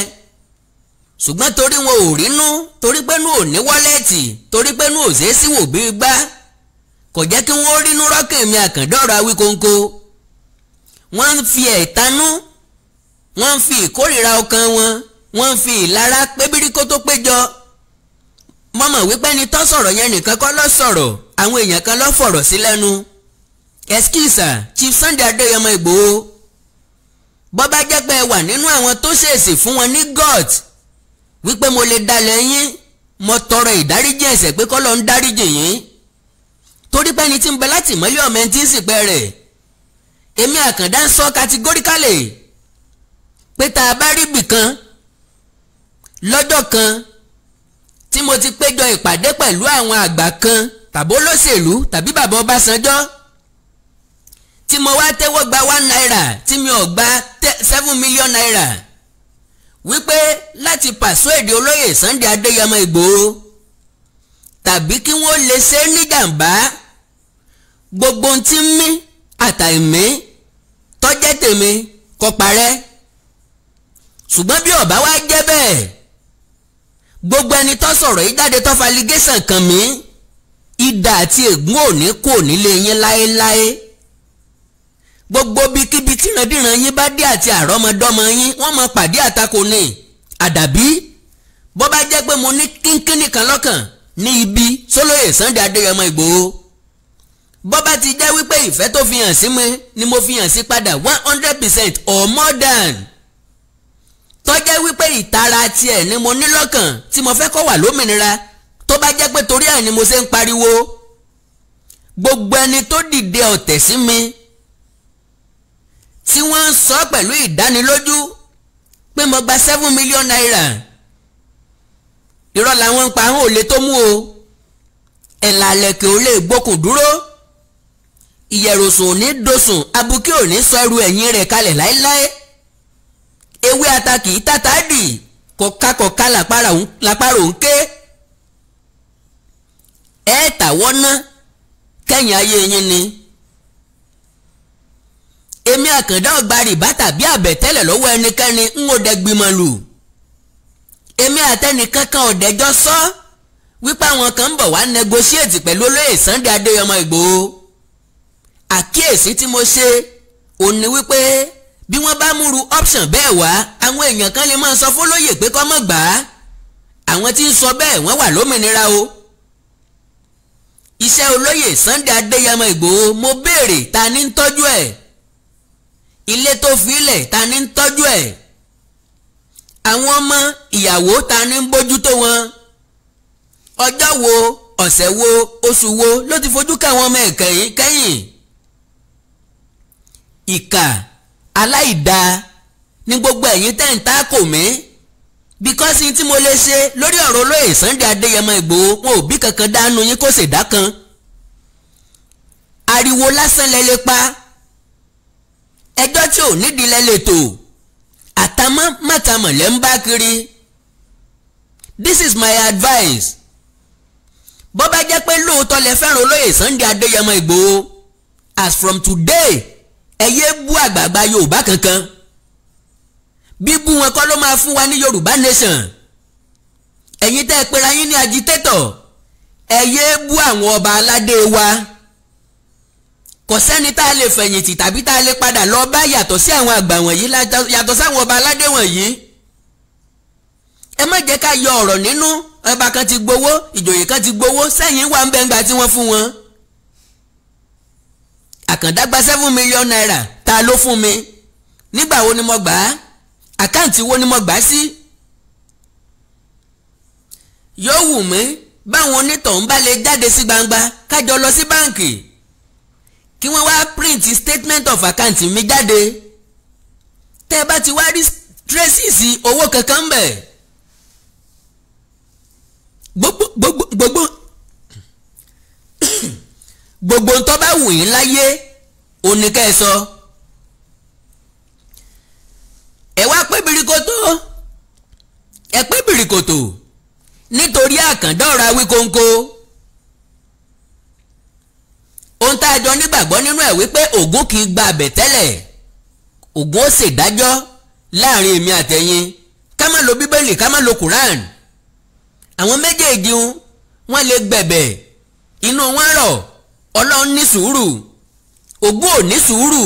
ṣùgbọ́n torí wọn ò rínú torí pé nù ò ní wọ́lẹ́ẹ̀tì torí pé nù ò ṣeé sí bí gbá kò jẹ́ kí wọ́n rínú rọ́kàn mi àkàndọ́rọ̀ Awíkonko wọ́n ń fi ẹ̀tanú wọ́n ń fi ìkórìíra ọkàn wọn wọ́n ń fi ìlara pébíríkó tó péjọ mọ́mọ́ wípé ni tó sọ̀rọ̀ yẹn nìkan kọ́ ló sọ̀rọ̀ àwọn èèyàn kan ló fọ̀rọ̀ sí lẹ́nu ẹ̀skísà Chief Sunday Adéyẹmọ Ìgbòho bọ́ jẹ́ pé ẹ wà nínú àwọn tó ṣèèsì fún wọn ní god wípé mo lè dalẹ̀ yín mo tọrọ ìdáríjì ẹ̀ṣẹ̀ pé kọ́ ló ń dáríjì yín torí pé ẹni tí ń bẹ láti mọ́lẹ́ ọ̀mẹ́ ti ń sìnpẹ́ rẹ̀ èmi àkàndá ń sọ kátígóríkàlè pé tá a bá rí ibì kan lọ́dọ̀ kan tí mo ti péjọ ìpàdé pẹ̀lú àwọn àgbà kan tàbí olóṣèlú tàbí bàbá Ọbásanjọ́ tí mo wá tẹ́wọ́ gba one naira tí mi ò gba seven million naira wípé láti pàṣọ èdè olóyè Sunday Adéyẹmọ Ìgbòho tàbí kí wọ́n lè ṣe é níjàmbá gbogbo ohun tí ń mí àtàìmí tọ́jẹ́ tèmi kó parẹ́ ṣùgbọ́n bí ó bá wá jẹ́ bẹ́ẹ̀ gbogbo ẹni tó sọ̀rọ̀ yìí jáde tó faligéṣàn kan mí idà àti ègún òní kò nílé yín láéláé gbogbo bíkíbi tìrandíran yín bá dé àti àrọ́mọdọ́mọ yín wọ́n mọ pàdé àtakò ní àdàbí bó bá jẹ́ pé mo ní kínkínní kan lọ́kàn ní ibi sólóyè Sunday Adéyẹmọ Ìgbòho bó bá ti jẹ́ wípé ìfẹ́ tó fi hàn sí mi ni mo fi hàn sí padà one hundred percent or more than tó jẹ́ wípé ìtara tiẹ̀ ni mo ní lọ́kàn tí mo fẹ́ kó wà lómìnira tó bá jẹ́ pé torí ẹ̀ ni mo ṣe ń pariwo gbogbo ẹni tó dìde ọ̀tẹ̀ sí mi tí wọ́n ń sọ pẹ̀lú ìdánilójú pé mo gba seven million naira irọ́ làwọn ń pa àwọn òle tó mú o ẹ̀là àlẹ̀kẹ̀ ò lè gbókùn dúró ìyẹ̀rọ̀sùn ò ní dosùn abuké ò ní sọ̀rù ẹ̀yìn rẹ̀ kalẹ̀ láéláé ewé ata kì í tàtà dì kọ̀kákọ̀ká làpárò ń ké ẹ tàwọ́ ná kẹ́yìn ayé yín ni èmi àkàndá ọgbà rìbá tàbí àbẹ̀tẹ́lẹ̀ lọ́wọ́ ẹnikẹ́ni ń ò dẹ́gbìmọ̀ lù èmi àtẹnìkan kan ọ̀dẹ́jọ́ sọ wípé àwọn kan ń bọ̀ wá negotiate pẹ̀lú olóyè Sunday Adéyọmọ Ìgbòho àkíyèsí tí mo ṣe ò ní wípé bí wọ́n bá múru option bẹ́ẹ̀ wá àwọn èèyàn kan lè máa sọ fólóyè pé kọ́ mọ̀ gbà á àwọn tí ń sọ bẹ́ẹ̀ wọ́n wà lómìnira o iṣẹ́ olóyè Sunday Adéyẹmọ Ìgbòho mo béèrè ta ni ń tọ́jú ẹ̀ ilé tó filẹ̀ ta ni ń tọ́jú ẹ̀ àwọn ọmọ ìyàwó ta ni ń bójútó wọn ọjọ́ wo ọ̀sẹ̀ wo oṣù wo ló ti fojú ká àwọn ọmọ ẹ̀ kẹ́yìn kẹ́yìn ìkà aláìda ní gbogbo ẹ̀yin tẹ́ ń ta kò mí bíkọ́sì tí mo lè ṣe lórí ọ̀rọ̀ olóyè Sunday Adéyẹmọ Ìgbòho wọn ò bí kankan dánú yín kó ṣèdá kan ariwo lásán lẹ lè pa ẹjọ́ tí ò nídìí lẹ lè tò àtàmọ́ màtàmọ́ lẹ́ ń bá kiri this is my advice bó bá jẹ́ pé lóòótọ́ lẹ fẹ́ràn olóyè Sunday Adéyẹmọ Ìgbòho as from today ẹ yé bú àgbààgbà yorùbá kankan bíbú wọn kọ́ ló máa fún wa ní yorùbá nation ẹ̀yin tẹ́ pera yín ní agitator ẹ bú àwọn ọba aládé wa kò sẹ́ni tá a lè fẹ̀yìntì tàbí tá a lè padà lọ bá yàtọ̀ sí àwọn àgbà wọ̀nyí yàtọ̀ sáwọn ọba aládé wọ̀nyí ẹ má jẹ́ ká yọ ọ̀rọ̀ nínú ọba kan ti gbowó ìjòyè kan ti gbowó sẹ́yìn wà ń bẹ́ngbà tí wọ́n fún wọn àkàndá gba seven million naira ta ló fún mi nígbà wo ni mo gbà á àkáǹtì wo ni mo gbà á sí. yóò wù mí báwọn onítọ̀hún bá lè jáde sí gbangba kájọ lọ sí báǹkì kí wọ́n wá print statement of account mi jáde tẹ́ ẹ bá ti wá rí traces owó kankan bẹ̀ gbogbo gbogbo gbogbo gbogbo ń tó bá wù yín láyé òní kẹ́ ẹ sọ. ẹ wá pé bìrìkòtò ẹ pé bìrìkòtò nítorí àkàndọ́ra wíkóńkó ohun tá a jọ nígbàgbọ́ nínú ẹ̀ wípé Ògún kì í gba àbẹ̀tẹ́lẹ̀ Ògún ó ṣèdájọ́ láàrin èmi àtẹ̀yin ká má lo bíbélì ká má lo Quran àwọn méjèèjì wọn lè gbẹ̀bẹ̀ inú wọn rọ̀ ọlọ́run ní sùúrù ògbó ò ní sùúrù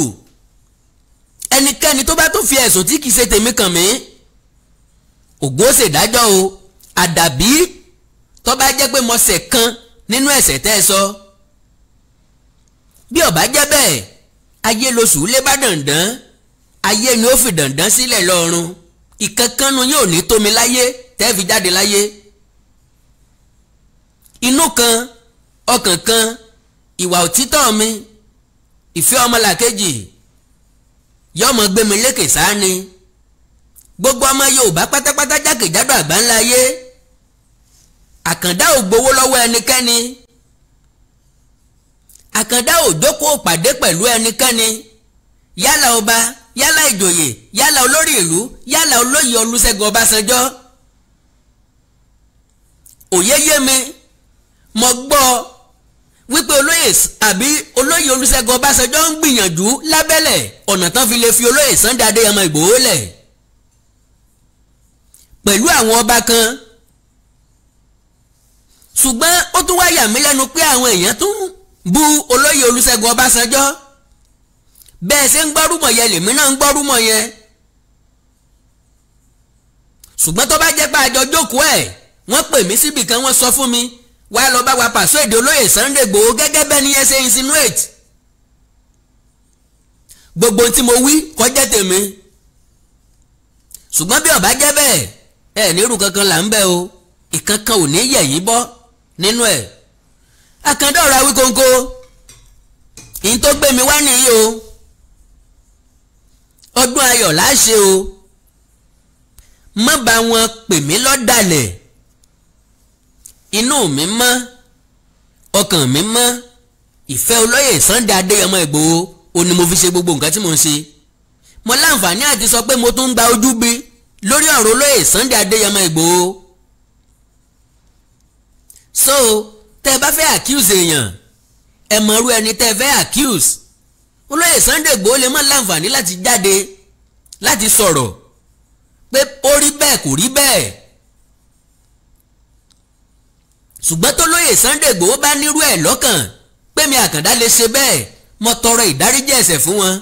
ẹnikẹ́ni tó bá tó fi ẹ̀sùn tí kìí ṣe tèmi kàn mí ògbó ṣèdájọ́ o àdàbí tó bá jẹ́ pé mo ṣẹ̀ kan nínú ẹ̀ṣẹ̀ tẹ́ ẹ sọ bí ó bá jẹ́ bẹ́ẹ̀ ayé lóṣù lé bá dandan ayé ni ó fi dandan sílẹ̀ lọ́run ìkankanu yóò ní tómi láyé tẹ́ fi jáde láyé inú kan ọkàn kan ìwà òtítọ́ mi ìfẹ́ ọmọlàkejì yọmọ gbé mi lékè sáni gbogbo ọmọ Yorùbá pátápátá jákèjádò àgbáńlá ayé Àkàndá ò gbowó lọ́wọ́ ẹnikẹ́ni Àkàndá ò jókòó pàdé pẹ̀lú ẹnikẹ́ni yálà ọba yálà ìjòyè yálà olórí ìlú yálà olóyè Olúṣẹ́gun Ọbásanjọ́ òye yé mi mo gbọ́ wípé olóyè àbí olóyè olùṣègùn ọbásanjọ́ ń gbìyànjú lábẹ́lẹ̀ ọ̀nà tán fi lè fi olóyè Sunday Adéyẹmọ Ìgbòho lẹ̀ pẹ̀lú àwọn ọba kan ṣùgbọ́n ó tún wá yà mí lẹ́nu pé àwọn èèyàn tún bu olóyè olùṣègùn ọbásanjọ́ bẹ́ẹ̀ ṣe ń gbọ́rùmọ̀ yẹn lèmi náà ń gbọ́rùmọ̀ yẹn ṣùgbọ́n tó bá jẹ́ pé àjọ jókòó ẹ̀ wọ́n pè mí síbì kan wọ́n sọ fún mi wá lọ bá wa pàṣẹ èdè olóyè Sunday Igboho gẹ́gẹ́ bẹ́ẹ̀ ni ẹ ṣe insinuate gbogbo tí mo wí kò jẹ́ tèmi ṣùgbọ́n bí ó bá jẹ́ bẹ́ẹ̀ ẹ nírú kankan là ń bẹ o ìkankan ò ní yẹ̀yìn bọ́ nínú ẹ̀ àkàndá ọ̀rọ̀ Awíkonko ìyìn tó gbé mi wá nìyí o ọdún ayọ̀ láṣẹ o má bá wọn pè mí lọ́dàlẹ̀ inú mi mọ́ ọkàn mi mọ́ ìfẹ́ olóyè Sunday Adéyẹmọ Ìgbòho ó ní mo fi ṣe gbogbo nǹkan tí mo ń ṣe mo láǹfààní àti sọ pé mo tún ń gba ojúbi lórí ọ̀rọ̀ olóyè Sunday Adéyẹmọ Ìgbòho so tẹ́ ẹ bá fẹ́ accuse èèyàn ẹ mọ̀ irú ẹni tẹ́ ẹ fẹ́ accuse olóyè Sunday Ìgbòho lè má láǹfààní láti jáde láti sọ̀rọ̀ pé ó rí bẹ́ẹ̀ kò rí bẹ́ẹ̀ ṣùgbọ́n tó lóye Sunday Igboho bá nírú ẹ̀ lọ́kàn pémi àkàndá lè ṣe bẹ́ẹ̀ mo tọrọ ìdáríjì ẹ̀ṣẹ̀ fún wọn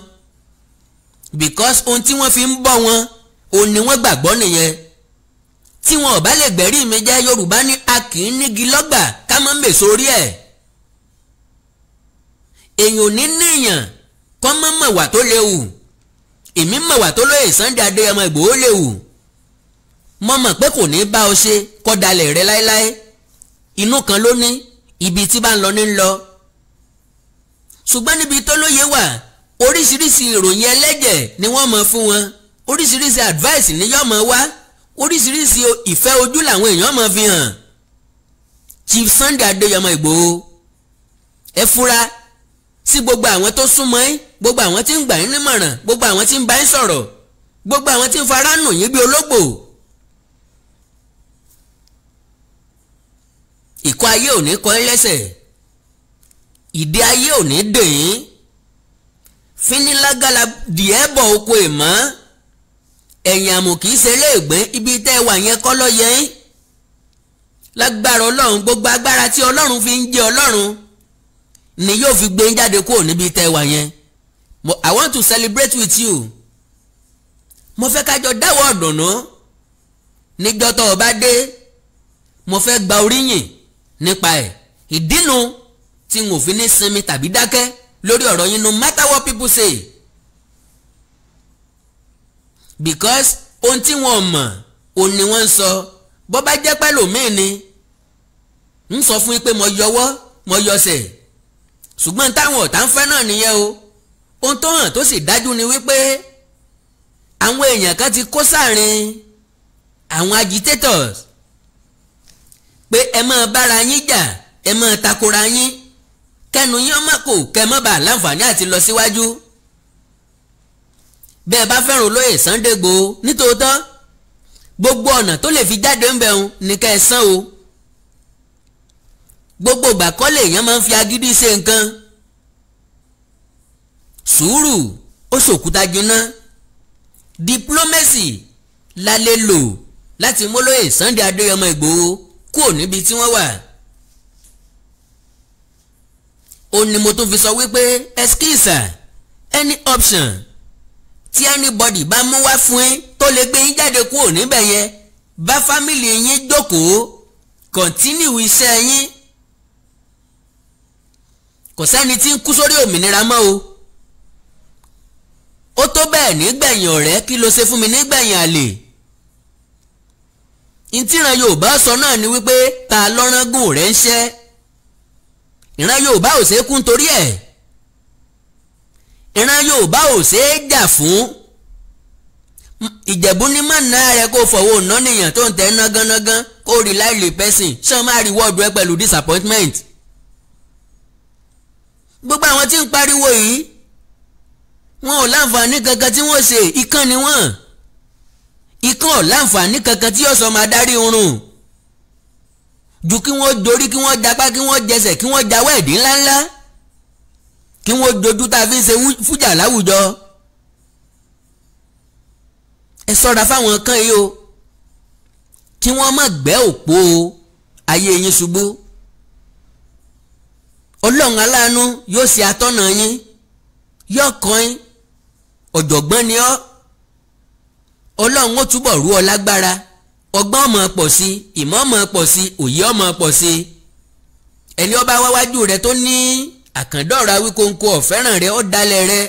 because ohun tí wọ́n fi ń bọ́ wọn òun ni wọ́n gbàgbọ́ nìyẹn tí wọn ò bá lè gbẹ̀rí mi jẹ́ Yorùbá ní a kì í nígi lọ́gbà ká mọ́ ń bè sórí ẹ̀ èèyàn ò ní níyàn kọ́ mọ́ mọ̀ wà tó léwu èmi mọ̀ wà tó lóye Sunday Adéyẹmọ Ìgbòho léwu mo mọ̀ pé kò ní bá ọ ṣe kọ́ dalẹ̀ rẹ láéláé inú kan ló ní ibi tí bá ń lọ ní ń lọ ṣùgbọ́n níbi tó lóye wà oríṣiríṣi ìròyìn ẹlẹ́jẹ̀ ni wọ́n mọ̀ fún wọn oríṣiríṣi advice ni yọ́ mọ̀ wá oríṣiríṣi ìfẹ́ ojú làwọn èèyàn mọ̀ fi hàn Chief Sunday Adéyẹmọ Ìgbòho ẹ fura sí gbogbo àwọn tó súnmọ́ ẹ́ gbogbo àwọn tí ń gbà yín nímọ̀ràn gbogbo àwọn tí ń bá yín sọ̀rọ̀ gbogbo àwọn tí ń faranù yín bí ológbò ìkọ́ ayé ò ní kọ́ ẹ́ lẹ́sẹ̀ ìdí ayé ò ní dè yín fínilágàlà dìẹ́ oko èèmọ́ ẹ̀yìn àmọ̀ kì ibi tẹ́ wà yẹn kọ́ ló lágbára ọlọ́run gbogbo agbára tí ọlọ́run fi ń jẹ́ ọlọ́run ni yóò fi gbé jáde kúrò níbi tẹ́ wà yẹn I want to celebrate with you mo fẹ́ kájọ dáwọ́ ọ̀dùnnú níjọ́ tó o bá dé mo fẹ́ gba oríyìn nípa ẹ̀ ìdínú tí n ò fi ní sinmi tàbí dákẹ́ lórí ọ̀rọ̀ yín no matter what people say because ohun tí wọ́n mọ̀ òun ni wọ́n ń sọ bó bá jẹ́ pẹ́ lòmíì ni ń sọ fún yín pé mo yọwọ́ mo yọsẹ̀ ṣùgbọ́n táwọn ọ̀tá ń fẹ́ náà nìyẹn o ohun tó hàn tó sì dájú ni wípé àwọn èèyàn kan ti kó sáàrin àwọn agitators pé ẹ máa bára yín jà ẹ máa takora yín kẹnu yín ọmọ kò kẹ mọ́ bá láǹfààní àti lọ síwájú bẹ́ẹ̀ bá fẹ́ràn olóyè Sunday Igboho nítòótọ́ gbogbo ọ̀nà tó lè fi jáde ń bẹ̀rùn ní ká ẹ san o gbogbo ìgbà kọ́ máa ń fi agídí ṣe nǹkan sùúrù ó ṣòkúta jiná diplomacy la lè lò láti mú olóyè Sunday Adéyẹmọ Ìgbòho kúrò níbi tí wọ́n wà ó ní mo tún fi sọ wípé ẹskíìsà any option tí anybody bá mú wá fún yín tó lè gbé yín jáde kúrò níbẹ̀ yẹn bá fámìlì yín jókòó kọ̀ntínìwì iṣẹ́ yín kò sẹ́ni tí ń kú sórí òmìnira mọ́ o ó tó bẹ́ẹ̀ nígbẹ̀yìn ọ̀rẹ́ kí ló ṣe fún mi nígbẹ̀yìn àlè ntíran yorùbá sọ náà ni wípé ta lọ́rángùn rẹ̀ ń ṣẹ́ ìran yorùbá ò ṣeé kún torí ẹ̀ ìran yorùbá ò ṣeé jà fún ìjẹ̀bú ní mọ̀nà rẹ̀ kó fọwọ́ ná nìyàn tó ń tẹ́ nágánágán kó rí láìlè pẹ́sìn ṣé wọ́n máa reward rẹ pẹ̀lú disappointment gbogbo àwọn tí ń pariwo yìí wọn ò láǹfààní kankan tí wọ́n ṣe ikán ni wọ́n ikán ò láǹfààní kankan tí ọ̀sán máa darí oorun ju kí wọ́n dorí kí wọ́n japá kí wọ́n jẹsẹ̀ kí wọ́n jawọ́ ẹ̀dín ńláńlá kí wọ́n dojú tá a fi ń ṣe fújà láwùjọ ẹ sọ́ra fáwọn kan yìí o kí wọ́n má gbẹ́ òpó ayé yín ṣubú ọlọ́run aláàánú yóò ṣe atọ́nà yín yóò ọ̀jọ̀gbọ́n ni ọ́ ọlọ́run ó túbọ̀ rú ọ lágbára ọgbọ́n ọmọ pọ̀ sí ìmọ̀ ọmọ pọ̀ sí òye ọmọ pọ̀ sí ẹni ọba wáwájú rẹ tó ní àkàndọ̀ra wíkóńkó ọ̀fẹ́ràn rẹ ó dalẹ̀ rẹ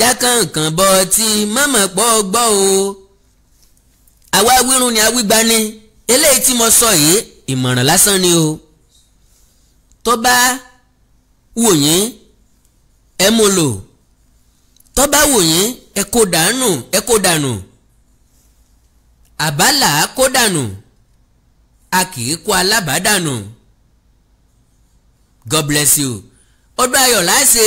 jákàǹkàn bọ tí mọ̀mọ̀ pọ̀ gbọ́ o àwa wírun ni awígba ni eléyìí tí mo sọ yìí ìmọ̀ràn lásán ni o tó bá wò yín ẹ mú lò tó bá wò yín ẹ kó dànù ẹ kó dànù àbálà kó dànù a kì í kó alábàádànù God bless you ọdún ayọ̀ láṣẹ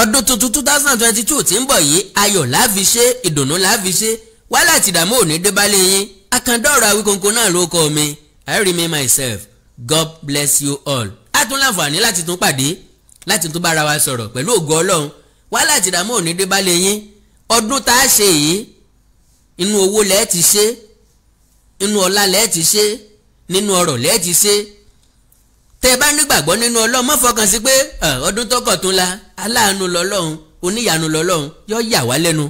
ọdún tuntun two thousand twenty two tí ń bọ̀ yìí ayọ̀ la fi ṣe ìdùnnú la fi ṣe wàhálà àti ìdààmú ò ní dé bálé yín akandọ́rọ̀ Awíkonko náà ló kọ́ mi I remain myself God bless you all a tún láǹfààní láti tún pàdé láti tún bára wa sọ̀rọ̀ pẹ̀lú ògo Ọlọ́run wàhálà àti ò ní dé bálé yín ọdún tá a ṣe yìí inú owó lẹ́ẹ̀ ti ṣe inú ọlá lẹ́ẹ̀ ti ṣe nínú ọrọ̀ lẹ́ẹ̀ ti ṣe tẹ́ ẹ bá nígbàgbọ́ nínú ọlọ́run má fọkàn sí pé ọdún tọkọ̀ tún la aláàánú lọ́lọ́run oníyanu lọ́lọ́run yóò yà wá lẹ́nu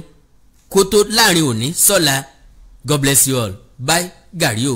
kó tó láàrin òní sọ́la God bless you all bye gàrí o.